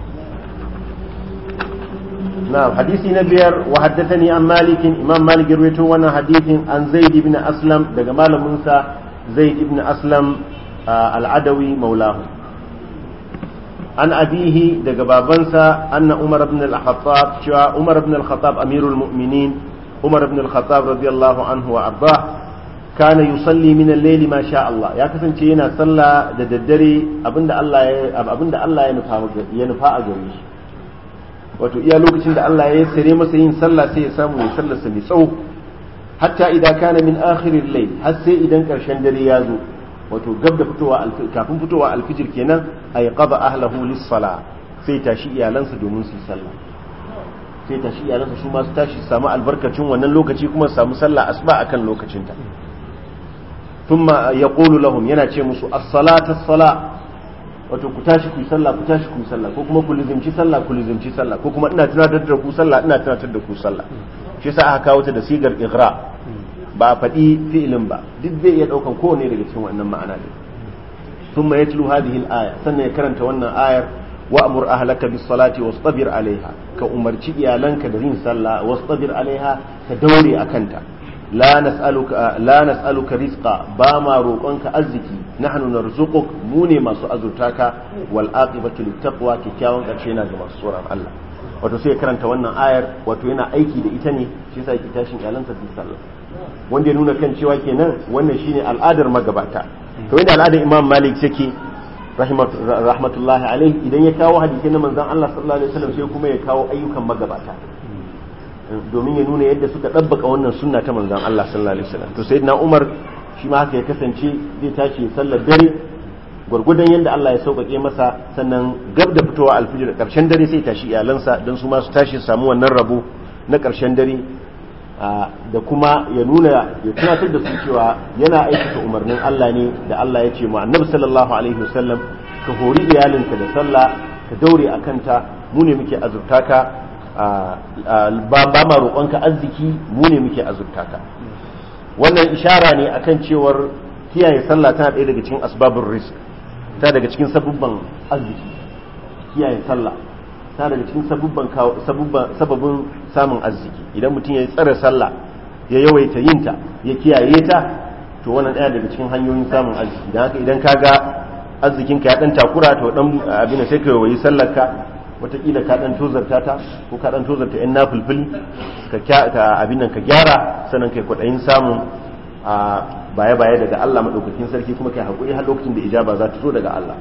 نعم حديثي نبير وحدثني عن مالك إمام مالك رويته وانا حديث عن زيد بن أسلم دقمال منسى زيد بن أسلم آه العدوي مولاه عن أبيه دقبابنسى أن عمر بن الخطاب شاء عمر بن الخطاب أمير المؤمنين umar ibn al-khattab radiyallahu anhu wa abba kana yusalli min al Allah ya kasance yana sallah da daddare abinda Allah Allah ya nufa a gare wato iya lokacin da Allah ya sare masa yin sallah sai ya samu ya sallarsa mai tsawo hatta idan kana min akhirin layl har sai idan karshen dare ya zo wato gab da fitowa kafin fitowa alfijir kenan ay qada ahlahu lis-sala sai tashi iyalansa domin su sallah sai tashi iyalansa su masu tashi samu albarkacin wannan lokaci kuma samu sallah asuba akan lokacinta Tumma yaqulu lahum yana ce musu as-salatu as-salah wato ku tashi ku sallah ku tashi ku sallah ko kuma ku lizimci sallah ku lizimci sallah ko kuma ina tunatar da ku sallah ina tunatar da ku sallah shi yasa aka kawo ta da sigar igra ba a faɗi fi'ilin ba duk zai iya ɗaukan kowane daga cikin wannan ma'ana ne sun ma ya tulu hadihi aya sannan ya karanta wannan ayar wa wa'mur ahlaka bis salati wastabir alaiha ka umarci iyalanka da yin sallah wastabir alaiha ka daure a kanta. la nas'aluka la nas'aluka rizqa ba ma roƙonka arziki nahnu narzuquk mu ne masu azurta ka wal aqibatu lit taqwa kikkiawan karshe na ga masu tsoron Allah wato sai karanta wannan ayar wato yana aiki da ita ne shi yasa yake tashin iyalansa su sallah wanda ya nuna kan cewa kenan wannan shine al'adar magabata to inda al'adar Imam Malik yake rahmatullahi alaihi idan ya kawo hadisi na manzon Allah sallallahu alaihi wasallam sai kuma ya kawo ayyukan magabata domin ya nuna yadda suka dabbaka wannan sunna ta manzon Allah sallallahu alaihi wasallam to sayyidina Umar shi ma haka ya kasance zai tashi sallar dare gurgudan yadda Allah ya sauƙaƙe masa sannan gab da fitowa alfijir karshen dare sai tashi iyalansa don su ma su tashi samu wannan rabo na karshen dare Ah, da kuma ya nuna ya tunatar da su cewa yana aikata umarnin Allah ne da Allah ya ce mu annabi sallallahu alaihi wasallam ka hori iyalinka da sallah ka daure a kanta mu ne muke azurta ka ah, ah, ba ma roƙonka arziki mu ne muke azurta ka wannan ishara ne akan cewar kiyaye sallah tana ɗaya daga cikin asbabun risk ta daga cikin sabubban arziki kiyaye sallah ta daga cikin sababin samun arziki idan mutum ya yi tsare sallah ya yawaita yinta ya kiyaye ta to wannan ɗaya daga cikin hanyoyin samun arziki don haka idan ka ga arzikinka ya dan takura to ɗan abin sai ka yawayi ka watakila ka dan tozarta ta ko ka dan tozarta yan nafilfili ka kyata abin nan ka gyara sannan kai kwaɗayin samun baya baya daga Allah madaukakin sarki kuma kai hakuri har lokacin da ijaba za ta zo daga Allah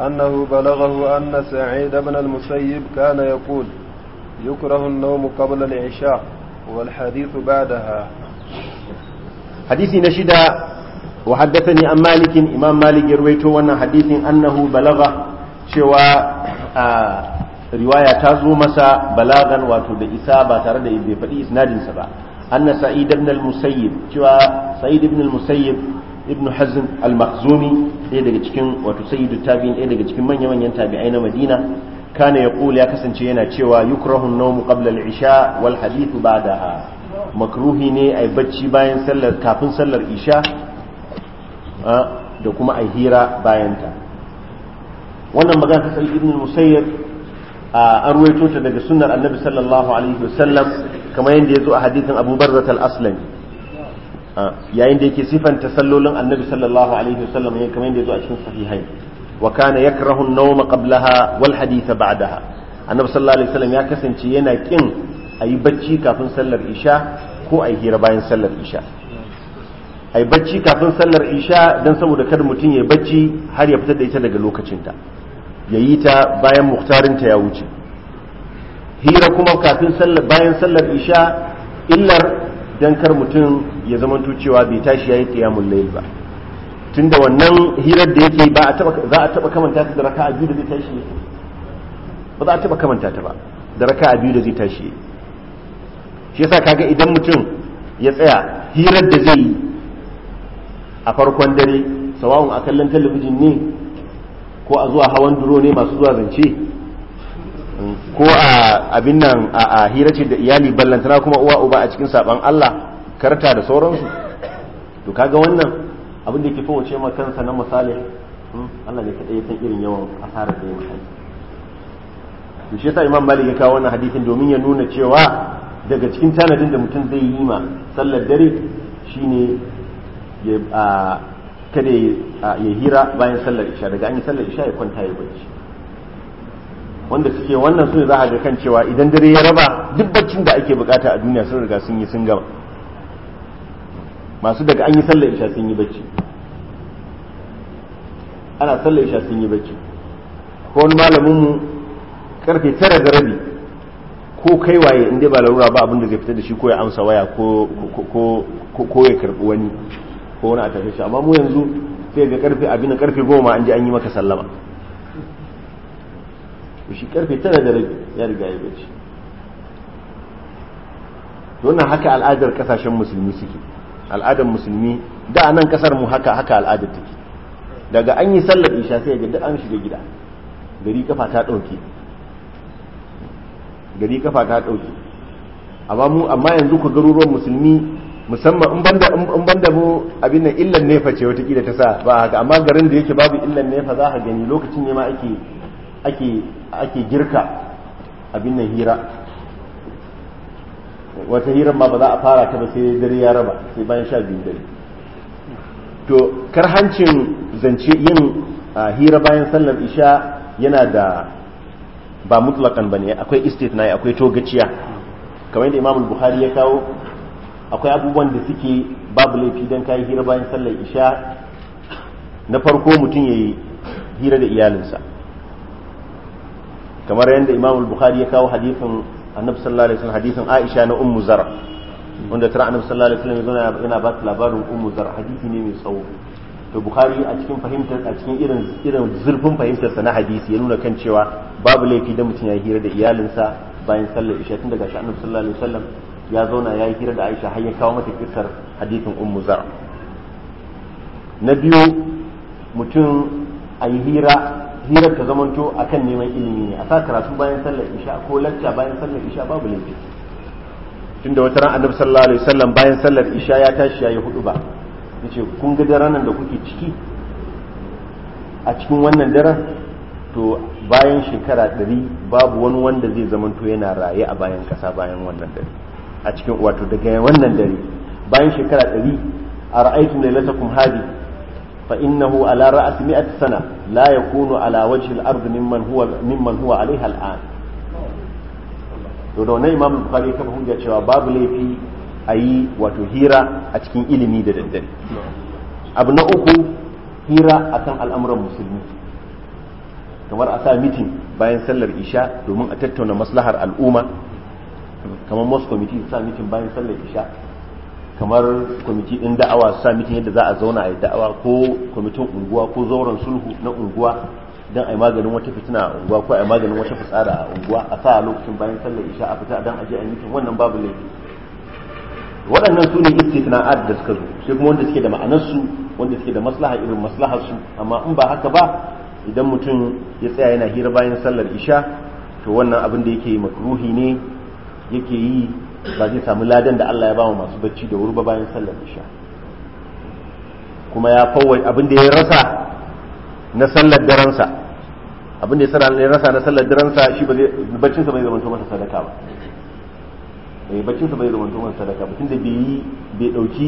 أنه بلغه أن سعيد بن المسيب كان يقول يكره النوم قبل العشاء والحديث بعدها حديث نشد وحدثني عن مالك إمام مالك يرويته وأن حديث أنه بلغ شوى riwaya ta zo masa balagan wato da isa ba tare da bai faɗi isnadinsa ba anna sa'id ibn al-musayyib cewa sa'id ibn al-musayyib ibn hazm al-makhzumi ɗaya daga cikin wato sayyidu tabi'in ɗaya daga cikin manya-manyan tabi'ai na madina kana ya kula ya kasance yana cewa yukrahu an-nawm qabla al-isha wal hadithu ba'daha makruhi ne ai bacci bayan sallar kafin sallar isha ah, da kuma ai hira bayan ta wannan magana ta sai ibn musayyib ah, an ruwaito ta daga sunnar annabi sallallahu alaihi wasallam kamar yadda ya zo a hadithin abu barzat al-aslami yayin da yake sifanta sallolin annabi sallallahu alaihi wasallam yayin kamar yadda zo a cikin sahihai wa kana yakrahu an-nawm qablaha wal hadith ba'daha annabi sallallahu alaihi wasallam ya kasance yana kin ayi bacci kafin sallar isha ko ayi hira bayan sallar isha ayi bacci kafin sallar isha dan saboda kada mutum ya bacci har ya fitar da ita daga lokacinta yayi ta bayan ta ya wuce hira kuma kafin sallar bayan sallar isha illar don kar mutum ya zama cewa bai tashi ya yi qiyamul layl ba tunda wannan hirar da yake ba a za a taba kamanta ta da raka'a biyu da zai tashi ba za a taba kamanta ta ba da raka'a biyu da zai tashi shi yasa kaga idan mutum ya tsaya hirar da zai yi a farkon dare sawa'un a kallon talabijin ne ko a zuwa hawan duro ne masu zuwa zance ko a abin nan a hirarci da iyali ballantana kuma uwa uba a cikin saban Allah karta da sauransu to kaga wannan abin da ke fowace ma kansa na misali hmm, Allah ne kadai san irin yawan asarar da ya to shi yasa Imam Malik ya kawo wannan hadisin domin ya nuna cewa daga cikin tanadin da mutum zai yi ma sallar dare shine ya kada ya hira bayan sallar isha daga an yi sallar isha ya kwanta ya barci. wanda suke wannan sun za a ga kan cewa idan dare ya raba duk baccin da ake bukata a duniya sun riga sun yi sun gama masu daga an yi sallar isha sun yi bacci ana sallar isha sun yi bacci ko wani malamin mu karfe tara da rabi ko kai waye inda ba larura ba abinda zai fita da shi ko ya amsa waya ko ya karbi wani ko wani a tafi shi amma mu yanzu sai ga karfe abin karfe goma an je an yi maka sallama to shi karfe tara da rabi ya riga ya bacci wannan haka al'adar kasashen musulmi suke al'adar musulmi da nan kasar mu haka haka al'adar take daga an yi sallar isha sai ga duk an shiga gida gari kafa ta dauke gari kafa ta dauke amma mu amma yanzu ku garuruwan musulmi musamman in banda in banda mu abin nan illan nefa ce wata kila ta sa ba haka amma garin da yake babu illan nefa za ka gani lokacin ne ma ake ake girka abin nan hira wata hirar ma ba za a fara ta ba sai dare ya raba sai bayan sha biyu dare to karhancin zance yin ah, hira bayan sallar isha yana da ba mutlakan ne akwai istitnai akwai togaciya kamar yadda imamul buhari ya kawo akwai abubuwan da suke babu laifi don kayi hira bayan sallar isha na farko mutum ya yi hira da iyalinsa kamar yadda imam al-bukhari ya kawo hadithin annabi sallallahu alaihi wasallam hadithin aisha na ummu zar wanda tara annabi sallallahu alaihi wasallam yana ba ta labarin ummu zar hadisi ne mai tsawo to bukhari a cikin fahimtar a cikin irin irin zurfin fahimtarsa na hadisi ya nuna kan cewa babu laifi da mutum ya hira da iyalinsa bayan sallar isha tun daga shi annabi sallallahu alaihi wasallam ya zauna ya yi hira da aisha har ya kawo mata kisar hadithin ummu zar na biyu mutum a yi hira hirar ta zamanto akan neman ilimi ne a sa karatu bayan sallar isha ko lacca bayan sallar isha babu laifi tunda wata ran annabi sallallahu alaihi wasallam bayan sallar isha ya tashi yayi hudu ba yace kun ga daren nan da kuke ciki a cikin wannan daren to bayan shekara ɗari babu wani wanda zai zamanto yana raye a bayan ƙasa bayan wannan dare a cikin wato daga wannan dare bayan shekara ɗari a ra'aitu ne kum hadi فإنه على رأس مئة سنة لا يكون على وجه الأرض ممن هو ممن هو عليها الآن to da wannan imam bukhari kafa hujja cewa babu laifi a yi wato hira a cikin ilimi da daddare abu na uku hira akan al'amuran musulmi kamar a sa mitin bayan sallar isha domin a tattauna maslahar al'umma kamar most committee sa mitin bayan sallar isha kamar kwamiti ɗin da'awa su sa yadda za a zauna a yi da'awa ko kwamitin unguwa ko zauren sulhu na unguwa don a yi maganin wata fitina a unguwa ko a yi maganin wata fitsara a unguwa a sa a lokacin bayan sallar isha a fita don a a yi wannan babu laifi waɗannan su ne istisna'at da suka zo sai kuma wanda suke da ma'anarsu wanda suke da maslaha irin su amma in ba haka ba idan mutum ya tsaya yana hira bayan sallar isha to wannan abin da yake yi makruhi ne yake yi ba zai samu ladan da Allah ya ba masu bacci da wuri ba bayan sallar isha kuma ya fawai abin da ya rasa na sallar daransa abin da ya rasa na sallar daransa shi ba zai baccinsa bai zamanto masa sadaka ba bai eh, baccinsa bai zamanto masa sadaka ba tunda bai yi bai dauki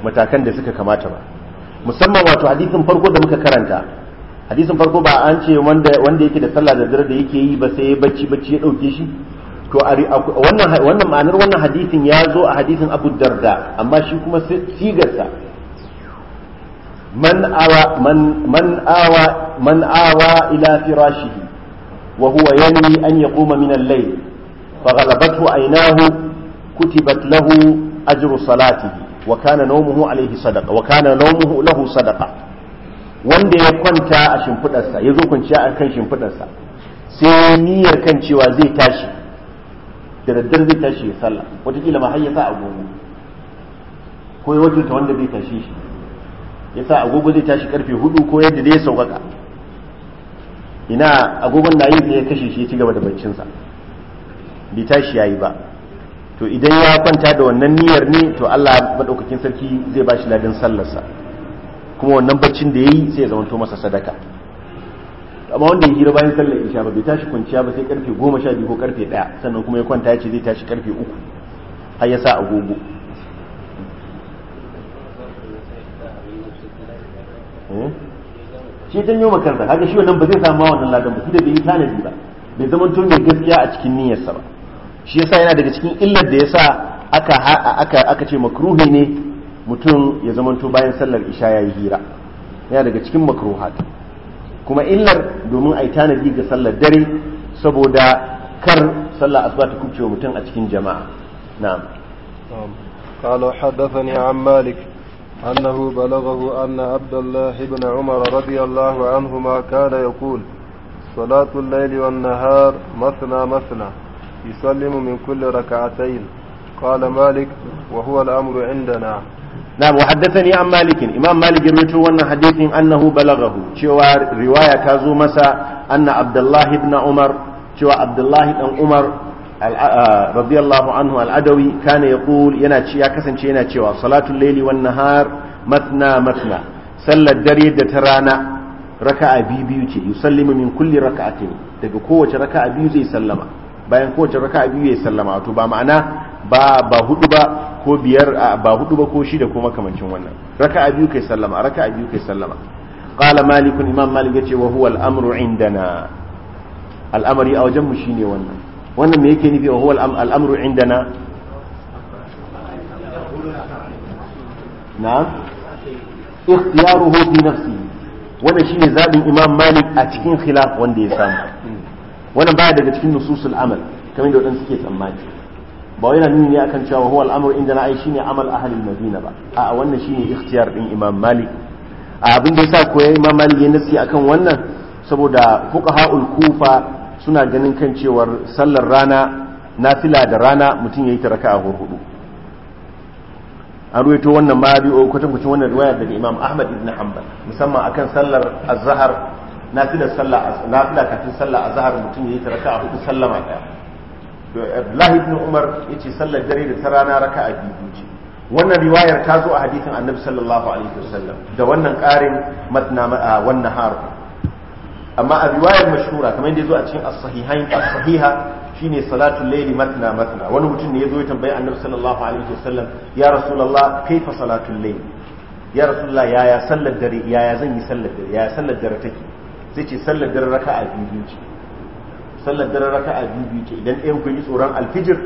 matakan da suka kamata ba musamman wato hadisin farko da muka karanta hadisin farko ba an ce wanda wanda yake da sallah da dare da yake yi ba sai ya bacci bacci ya dauke shi to wannan ma'anar wannan hadisin ya zo a hadisin abu darda amma shi kuma sigarsa man awa man awa man awa ila firashihi wa huwa yanwi an yaquma min al-layl faghalabathu aynahu kutibat lahu ajru salatihi wa kana nawmuhu alayhi sadaqa wa kana nawmuhu lahu sadaqa wanda ya kwanta a shimfidarsa ya zo kwanciya a kan shimfidarsa sai niyyar kan cewa zai tashi da daddar zai tashi ya sallah wataƙila ma har ya sa agogo ko ya wajinta wanda zai tashi shi ya sa agogo zai tashi karfe hudu ko yadda zai sauƙaƙa ina agogon na yi ne ya kashe shi ya ci gaba da baccinsa bai tashi ya yi ba to idan ya kwanta da wannan niyyar ne to Allah maɗaukakin sarki zai ba shi ladin sallarsa kuma wannan baccin da ya yi sai ya zamanto masa sadaka amma wanda ya hira bayan sallar isha ba bai tashi kwanciya ba sai karfe goma sha biyu ko karfe ɗaya sannan kuma ya kwanta ya ce zai tashi karfe uku har ya sa agogo eh? shi janyo makarta haka shi wannan ba zai samu wannan ladan ba da bai yi tanadi ba bai zama tun mai gaskiya a cikin niyyarsa ba shi yasa yana daga cikin illar da ya sa aka aka ce makruhi ne mutum ya zamanto bayan sallar isha ya yi hira yana daga cikin makruhat kuma illar domin a yi tanadi ga sallar dare saboda kar sallah asuwa ta kubcewa mutum a cikin jama'a na kalo haddasa ni an malik annahu balagahu anna abdullahi ibn umar radiyallahu anhu ma kada ya kul salatun laili wannan masna masana masana isallimu min kulle raka'atayin kalo malik wahuwa al’amuru inda na نعم وحدثني عن مالك إمام مالك يروي وانا حديث أنه بلغه شوى رواية تازو مسا أن عبد الله بن عمر شوى عبد الله بن عمر رضي الله عنه العدوي كان يقول يناتشي يكسن شي يناتشي صلاة الليل والنهار مثنى مثنى صلى الدري ترانا ركع بيبيوتي يسلم من كل ركعة تقول قوة ركع بيوتي سلم bayan kowace raka biyu ya sallama wato ba ma'ana ba ba hudu ba ko biyar ba hudu ba ko shida ko makamancin wannan raka'a biyu kai sallama raka'a biyu kai sallama qala malik imam malik yace wa huwa al-amru indana al'amari a wajen mu shine wannan wannan me yake nufi wa huwa al-amru indana na'am ikhtiyaruhu fi nafsi wanda shine zabin imam malik a cikin khilaf wanda ya samu wannan baya daga cikin nususul amal kamar da wadanda suke tsammani ba wai nuni ne akan cewa huwa al'amur inda na ai shine amal ahalin madina ba a wannan shine ikhtiyar din imam malik a abin da yasa koyi imam malik ya nasi akan wannan saboda fuqaha'ul kufa suna ganin kan cewar sallar rana nafila da rana mutum yayi ta a hudu an ruwaito wannan ma bi kwatankwacin wannan riwaya daga imam ahmad ibn hanbal musamman akan sallar azhar nafila sallar nafila kafin sallar azhar mutum yayi ta a hudu sallama daya to Abdullahi ibn Umar yace sallar dare da ta rana raka'a biyu ce wannan riwayar ta zo a hadisin Annabi sallallahu alaihi wasallam da wannan karin matna wannan har amma a riwayar mashhura kamar yadda zo a cikin as-sahihain as-sahiha shine salatul layli matna matna wani mutum ne yazo ya tambayi Annabi sallallahu alaihi wasallam ya rasulullah kaifa salatul layli ya rasulullah yaya sallar dare yaya zan yi sallar dare yaya sallar dare take sai ce sallar dare raka'a biyu ce sallar dare raka'a biyu biyu ke idan ɗayan ku yi tsoron alfijir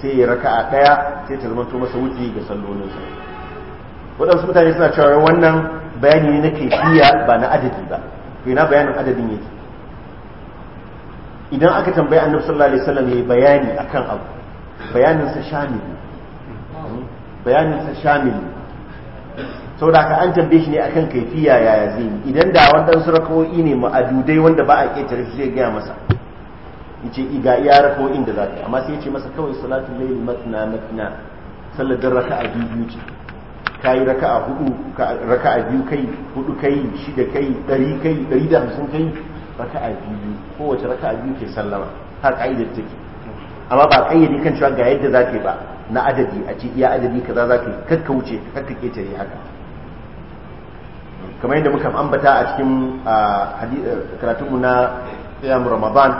sai ya raka'a ɗaya sai ta zamanto masa wuce ga sallolinsa waɗansu mutane suna cewa wannan bayani ne na kaifiya ba na adadi ba ko ina bayanin adadin yake idan aka tambayi annabi sallallahu alaihi wasallam yayi bayani akan abu bayanin sa shamil bayanin sa shamil saboda aka an tambaye shi ne akan kaifiya yaya zai yi idan da wannan surako'i ne ma'adudai wanda ba a ƙetare shi zai gaya masa yace iga iya rako'in da zaka amma sai yace masa kawai salatu layl matna matna sallar da raka'a biyu ce kai raka'a hudu raka'a biyu kai hudu kai shida kai dari kai dari da hamsin kai raka'a biyu kowace raka'a biyu ke sallama har ka'idar take amma ba kayyade kan cewa ga yadda zaka yi ba na adadi a ce iya adadi kaza zaka yi kakka wuce kakka ketare haka kamar yadda muka ambata a cikin eh, karatunmu na tsayam ramadan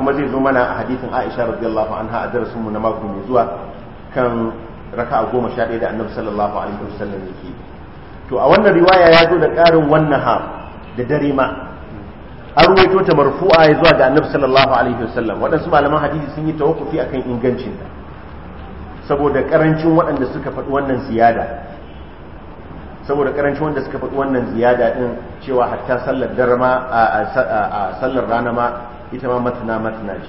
kuma zai zo mana a hadithin aisha radiyallahu anha a darasinmu na mako mai zuwa kan raka'a goma sha ɗaya da annabi sallallahu alaihi wasallam yake to a wannan riwaya ya zo da ƙarin wannan ha da dare ma an ruwaito ta marfu'a ya zuwa ga annabi sallallahu alaihi wasallam waɗansu malaman hadisi sun yi tawakkufi akan ingancin ta saboda karancin waɗanda suka faɗi wannan ziyada saboda karancin wanda suka faɗi wannan ziyada ɗin cewa hatta sallar darma a sallar rana ma ita ma matana matana ce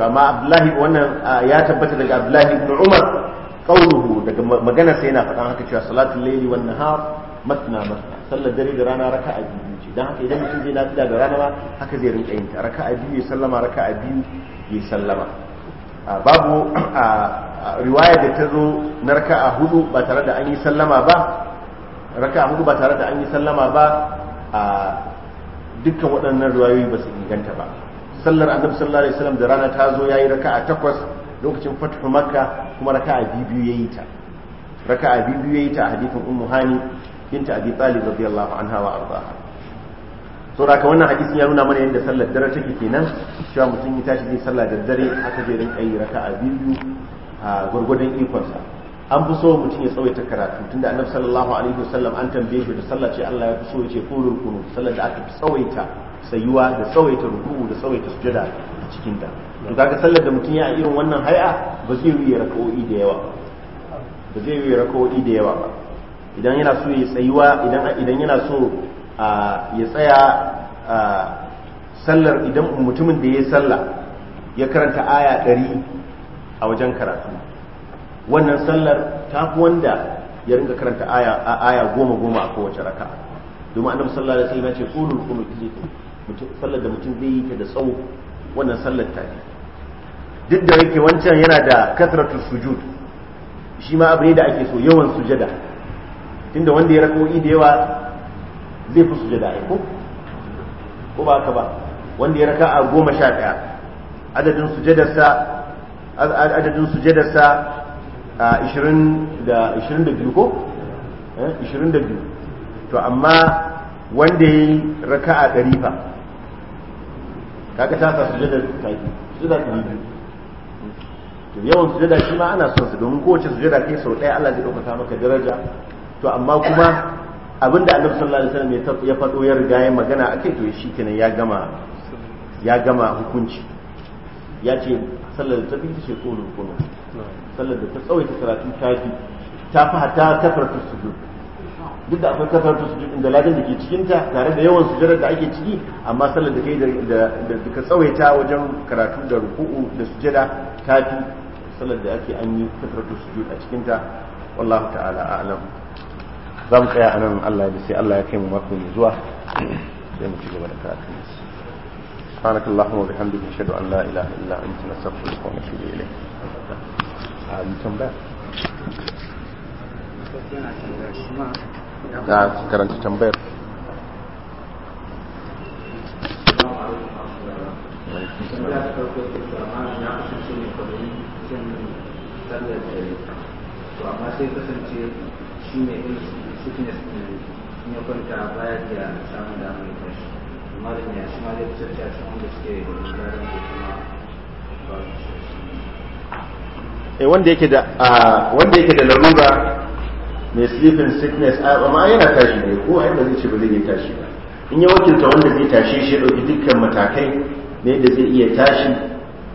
to amma abdullahi wannan ya tabbata daga abdullahi ibn umar qawluhu daga magana sai yana faɗan haka cewa salatul layli wan nahar matana matana sallar dare da rana raka'a biyu ce dan haka idan mutum zai lafiya da rana ma haka zai rinka yin ta raka'a biyu ya sallama raka'a biyu ya sallama babu riwaya da ta zo na raka'a hudu ba tare da an yi sallama ba raka'a hudu ba tare da an yi sallama ba a dukkan waɗannan riwayoyi ba su inganta ba sallar annabi sallallahu alaihi wasallam da rana ta zo yayi raka'a takwas lokacin fathu makka kuma raka'a biyu yayi ta raka'a biyu yayi ta a hadithin ummu hani binta abi talib radiyallahu anha wa ardaha saboda ka wannan hadisi ya nuna mana yadda sallar dare take kenan cewa mutum ya tashi yin sallah da dare haka zai rinka yi raka'a biyu a gwargwadon ikonsa an fi so mutum ya tsawaita karatu tunda annabi sallallahu alaihi wasallam an tambaye shi da sallah ce Allah ya fi so ya ce ko qunut sallar da aka tsawaita sayuwa da tsawaita ruku'u da tsawaita sujada a cikin ta to kaga sallar da mutum ya irin wannan hay'a ba zai yi raka'o'i da yawa ba zai yi raka'o'i da yawa ba idan yana so ya tsayuwa idan idan yana so ya tsaya sallar idan mutumin da ya yi sallah ya karanta aya ɗari a wajen karatu wannan sallar ta fi wanda ya ringa karanta aya goma goma a kowace raka domin annabi sallallahu alaihi wasallam ce qulul qunut mutum sallar da mutum zai yi ta da tsawo wannan sallar ta ne duk da yake wancan yana da kasratul sujud shi ma abu ne da ake so yawan sujada tunda wanda ya rako'i da yawa zai fi sujada da ko ko ba haka ba wanda ya raka a goma sha ɗaya adadin sujadarsa adadin sujadarsa ishirin da biyu ko eh, Ishirin da biyu to amma wanda ya yi a ɗari fa kaka ta sa sujadar taki sujada ɗari biyu to yawan sujada shi ma ana son su domin kowace sujada kai sau ɗaya Allah zai ɗaukaka maka daraja to amma kuma abinda annabi sallallahu alaihi wasallam ya faɗo ya riga ya magana akai to shi kenan ya gama ya gama hukunci ya ce sallar da ta fi ce tsolin kuno sallar da ta tsawaita karatu ta fi ta fi hata kafar su duk da akwai kafar ta duk inda ladan da ke cikinta tare da yawan sujudar da ake ciki amma sallar da kai da ka tsawaita wajen karatu da ruku'u da sujada ta fi sallar da ake an yi kafar ta sujud a cikinta wallahu ta'ala za mu tsaya a nan Allah da sai Allah ya kai mu mako mai zuwa sai mu ci gaba da karatu سبحانك اللهم وبحمدك نشهد ان لا da karanta tambayar to amma sai kasance shi ne fitness eh, din ya kwanta baya da samun damar tashi amma da ya ma zai fitar da shi wanda suke da gudanar ba su wanda yake da ah, wanda yake da larura mai sleeping sickness ah, amma yana tashi ne ko a inda zai ce ba zai yi tashi ba in ya wakilta wanda zai tashi shi ɗauki dukkan matakai ne da zai iya tashi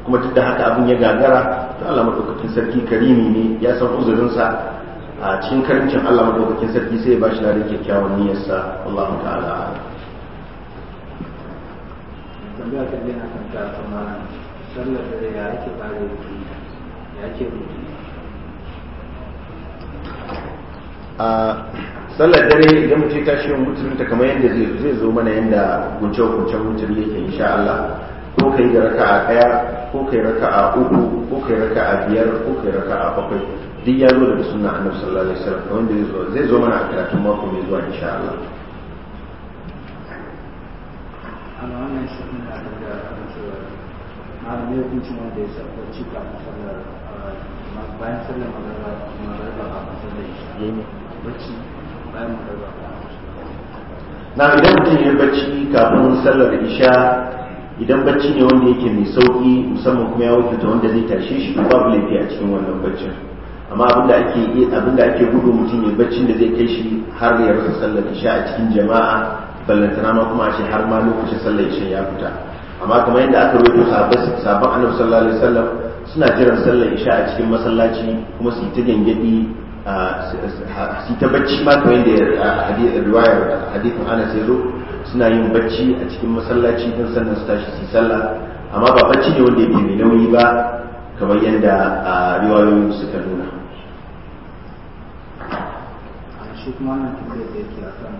kuma duk da haka abin ya gagara to Allah madaukakin sarki karimi ne ya san uzurinsa a cikin karimcin Allah madaukakin sarki sai ba shi da kyakkyawan niyyarsa Allahu ta'ala tambaya ta ta kuma sallar da ya yake bare ya yake a sallar dare idan mutum ta shi mutum ta kamar yadda zai zai zo mana yadda gunce gunce mutum yake insha Allah ko kai da raka'a daya ko kai raka'a uku ko kai raka'a biyar ko kai raka'a bakwai duk ya zo daga sunan annabi sallallahu alaihi wasallam da wanda zai zo mana a karatun mako mai zuwa insha Allah ana wannan shi da aka cewa malamai hukunci ma da ya bacci idan mutum ya bacci kafin sallar isha idan bacci ne wanda yake mai sauki musamman kuma ya wuce ta wanda zai tashe shi babu laifi a cikin wannan baccin amma abinda ake abinda ake gudu mutum ya baccin da zai kai shi har ya rasa sallar isha a cikin jama'a ballantana ma kuma shi har ma lokacin sallar isha ya fita amma kamar yadda aka rubuta sabon annabi sallallahu alaihi wasallam suna jiran sallar isha a cikin masallaci kuma su yi ta gangadi su yi ta bacci ma kamar yadda riwayar hadithin anas ya zo suna yin bacci a cikin masallaci don sannan su tashi su sallah amma ba bacci ne wanda ya bi mai nauyi ba kamar yadda riwayoyin suka nuna shi kuma wannan tambayar da yake akan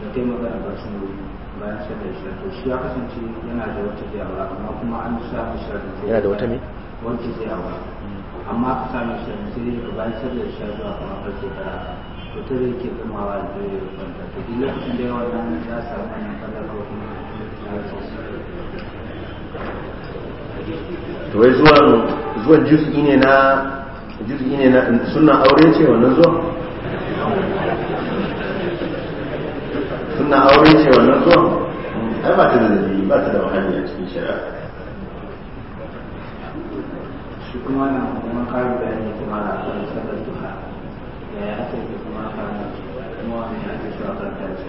da ta yi magana ba shi wuri bayan sallar isha to shi ya kasance yana da wata tsayawa amma kuma an sa da sai yana da wata ne wata tsayawa amma aka sa mishi sai daga bayan sallar isha zuwa kuma karfe tara to ta da yake gamawa da zai yi kwanta da duk lokacin da yawa nan ya samu wannan fadar ko kuma ya to wai zuwan zuwan juz'i ne na juz'i ne na sunna aure ce wannan zuwan suna aure ce wannan zuwa ai ba ta da zai ba ta da wahayi a cikin shari'a shi kuma na kuma karu da yanzu kuma a kan sabar zuwa, ya ya ake yi kuma kan kuma wani ake shi a kan ce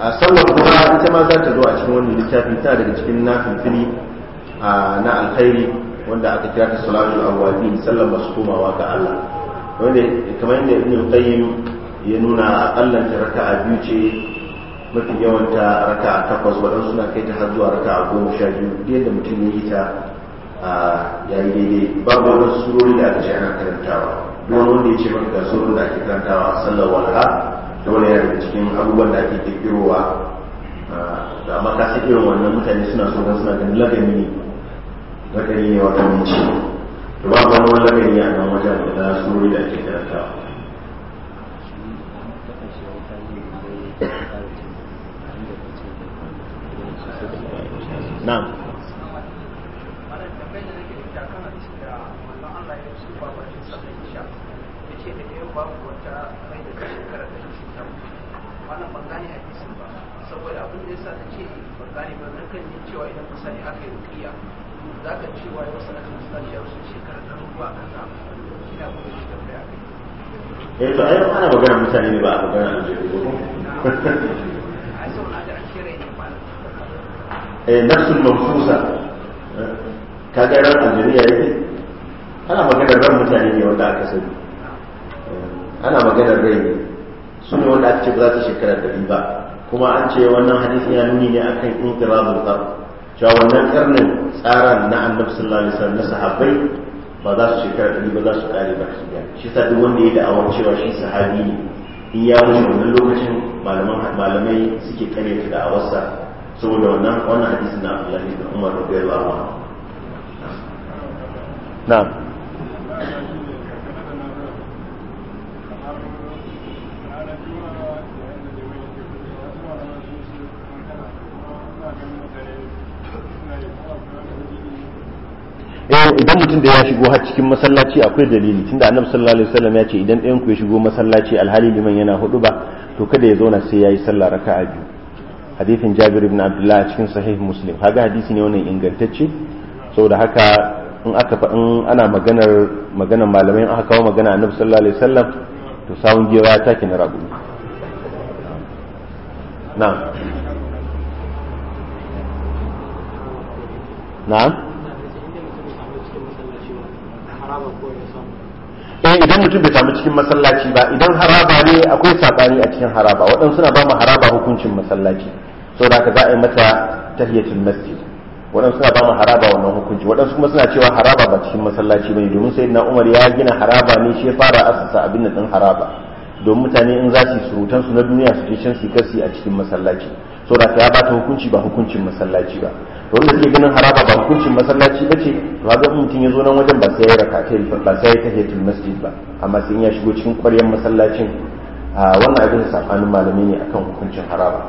a sallar kuma ita ma za ta zo a cikin wani littafi ta daga cikin nafin fili na alkhairi wanda aka kira ta salatu, salatul awwabin sallar masu komawa ga Allah wanda kamar yadda ibn qayyim ya nuna akallanta raka'a biyu ce mafi yawanta raka'a takwas waɗansu suna kai ta har zuwa raka'a goma sha biyu duk yadda mutum ya yi ta ya daidai babu wani surori da aka ce ana karantawa duk wani wanda ya ce maka ga da ake karantawa a sallar walha da wani yana cikin abubuwan da ake kirkirowa da amma ka irin wannan mutane suna so suna ganin lagani ne lagani ne wata mace to ba wani wani lakari a wajen da na suri da ake a na'am ba saboda abin da sa na ce ban gane ba na kan yi cewa idan misali aka yi rukiya za ka ce wa yau sanatan islam ya rusu shekara ɗaruruwa a ƙasa ina kuma shi tambaya kai eh to yau ana magana mutane ne ba a magana aljihu ba a sau na da ashirin ne ba eh nafsul manfusa ka ga yake ana magana ran mutane ne wanda aka sani eh, ana maganar rai ne su ne wanda aka ce ba za ta shekara ɗari ba kuma an ce wannan hadisi ya nuni ne akan intirazul qadr cewa wannan karnin tsaran na annabi sallallahu alaihi wasallam na sahabbai ba za su shekara ɗari ba za su ƙare ba su shi sa duk wanda ya da'awar cewa shi sahabi ne in ya wuce wannan lokacin malamai suke karyata da'awarsa saboda wannan wannan hadisin na Abdullahi bin Umar radiyallahu anhu na'am eh idan mutum da ya shigo har cikin masallaci akwai dalili tunda annabi sallallahu alaihi wasallam ya ce idan ɗayan ku ya shigo masallaci alhali liman yana hudu ba to kada ya zauna sai yayi sallah raka'a biyu hadithin Jabir ibn Abdullah cikin sahih Muslim haka hadisi ne wannan ingantacce saboda haka in aka fa in ana maganar maganar malamai aka kawo magana annabi sallallahu alaihi wasallam to sawun gewa ta kin rabu na'am na'am eh idan mutum bai samu cikin masallaci ba idan haraba ne akwai sabani a cikin haraba waɗansu suna ba mu haraba hukuncin masallaci da ka za a yi mata tahiyatul masjid waɗansu suna ba mu haraba wannan hukunci waɗansu kuma suna cewa haraba ba cikin masallaci bane domin sai na umar ya gina haraba ne shi ya fara asasa abin nan haraba domin mutane in za su surutan su na duniya su je can su kasi a cikin masallaci da ka ya ba ta hukunci ba hukuncin masallaci ba wanda ke ganin haraba ba hukuncin masallaci ba ce ba ga mutum ya zo nan wajen ba sai ya raka ta ba sai ya tafiya tul masjid ba amma sai ya shigo cikin ƙwaryar masallacin wannan abin safanin malami ne akan hukuncin haraba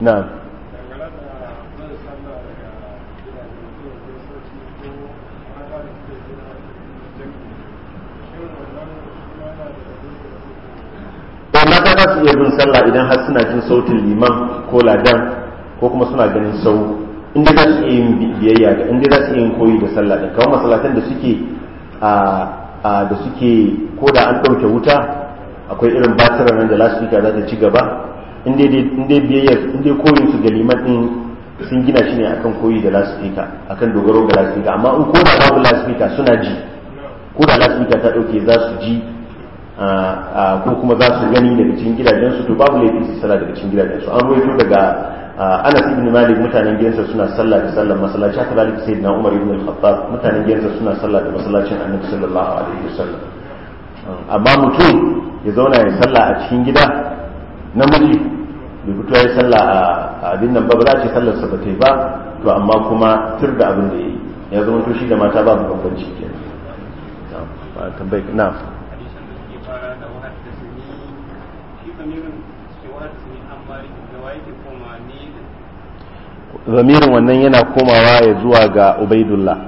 na mata za su iya bin sallah idan har suna jin sautin liman ko ladan ko kuma suna ganin sau inda za su iya yin biyayya da inda za su iya yin koyi da sallah da kawai masallatan da suke a da suke ko da an ɗauke wuta akwai irin batiran nan da lasfika za ta ci gaba inda dai biyayyar inda koyin su ga liman din sun gina shi ne akan koyi da lasfika akan dogaro ga lasfika amma in ko da babu lasfika suna ji ko da lasfika ta ɗauke za su ji ko kuma za su gani daga cikin gidajensu to babu laifi su sala daga cikin gidajensu an ruwaito daga anas ibn malik mutanen gidansa suna sallah da sallar masallaci haka zalika sayyidina umar ibn al-khattab mutanen gidansa suna sallah da masallacin annabi sallallahu alaihi wasallam amma mutum ya zauna ya sallah a cikin gida miji bai fito ya sallah a abin nan ba ba za a ce sallar sa ba ta ba to amma kuma tur da abin da yayi ya zama to shi da mata ba bambanci ke na tambayi na hadisan da suke fara da wahar da shi kamirin suke wahar da an bari da waye zamirin wannan yana komawa ya zuwa ga ubaidullah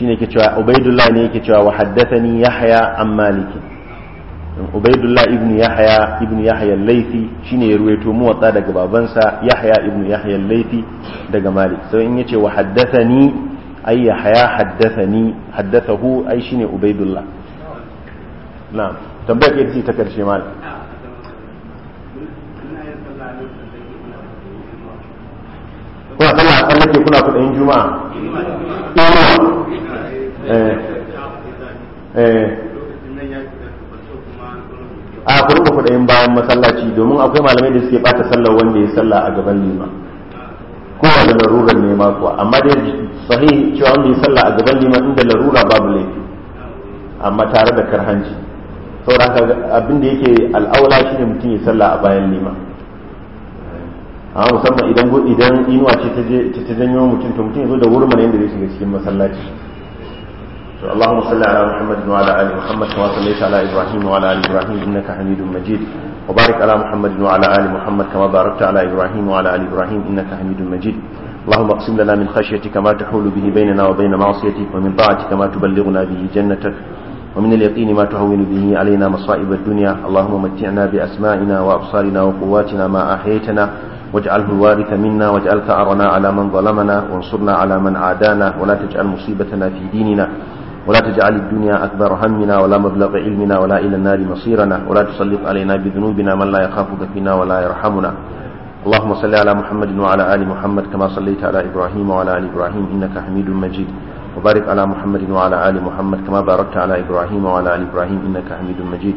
ne ke cewa ubaidullah ne yake cewa wa haddasa ya haya an maliki ubaidullah ibn haya ibn haya Laifi shi ne ya ruwaito muwatta daga babansa haya ibn ya haya laifi daga malik sau in ce wa haddasa haddasa ay haddasa hu ai shi ne ubaidullah na tambayar ke ta karshe malik kuna sallah a kuna kudayin juma'a Kuma eh. eh. a ku rika bayan masallaci domin akwai malamai da suke bata sallar wanda ya a gaban lima kowa da larurar ne ma kuwa amma dai sahihi cewa wanda ya sallah a gaban lima inda larura babu laifi amma tare da karhanci saboda haka abin da yake al'aula ne mutum ya salla a bayan lima a musamman idan idan inuwa ce ta ta janyo mutum to mutum ya da wurin mana yadda zai shiga cikin masallaci to Allahumma salli ala Muhammad wa ala ali Muhammad wa salli ala Ibrahim wa ala ali Ibrahim innaka Hamidum Majid wa barik ala Muhammad wa ala ali Muhammad kama barakta ala Ibrahim wa ala ali Ibrahim innaka Hamidum Majid اللهم اقسم لنا من خشيتك ما تحول به بيننا وبين معصيتك ومن طاعتك ما تبلغنا به جنتك ومن اليقين ما تهون به علينا مصائب الدنيا اللهم متعنا وقواتنا ما واجعله الوارث منا واجعل ثأرنا على من ظلمنا وانصرنا على من عادانا ولا تجعل مصيبتنا في ديننا ولا تجعل الدنيا أكبر همنا ولا مبلغ علمنا ولا إلى النار مصيرنا ولا تسلط علينا بذنوبنا من لا يخافك فينا ولا يرحمنا اللهم صل على محمد وعلى آل محمد كما صليت على إبراهيم وعلى آل إبراهيم إنك حميد مجيد وبارك على محمد وعلى آل محمد كما باركت على إبراهيم وعلى آل إبراهيم إنك حميد مجيد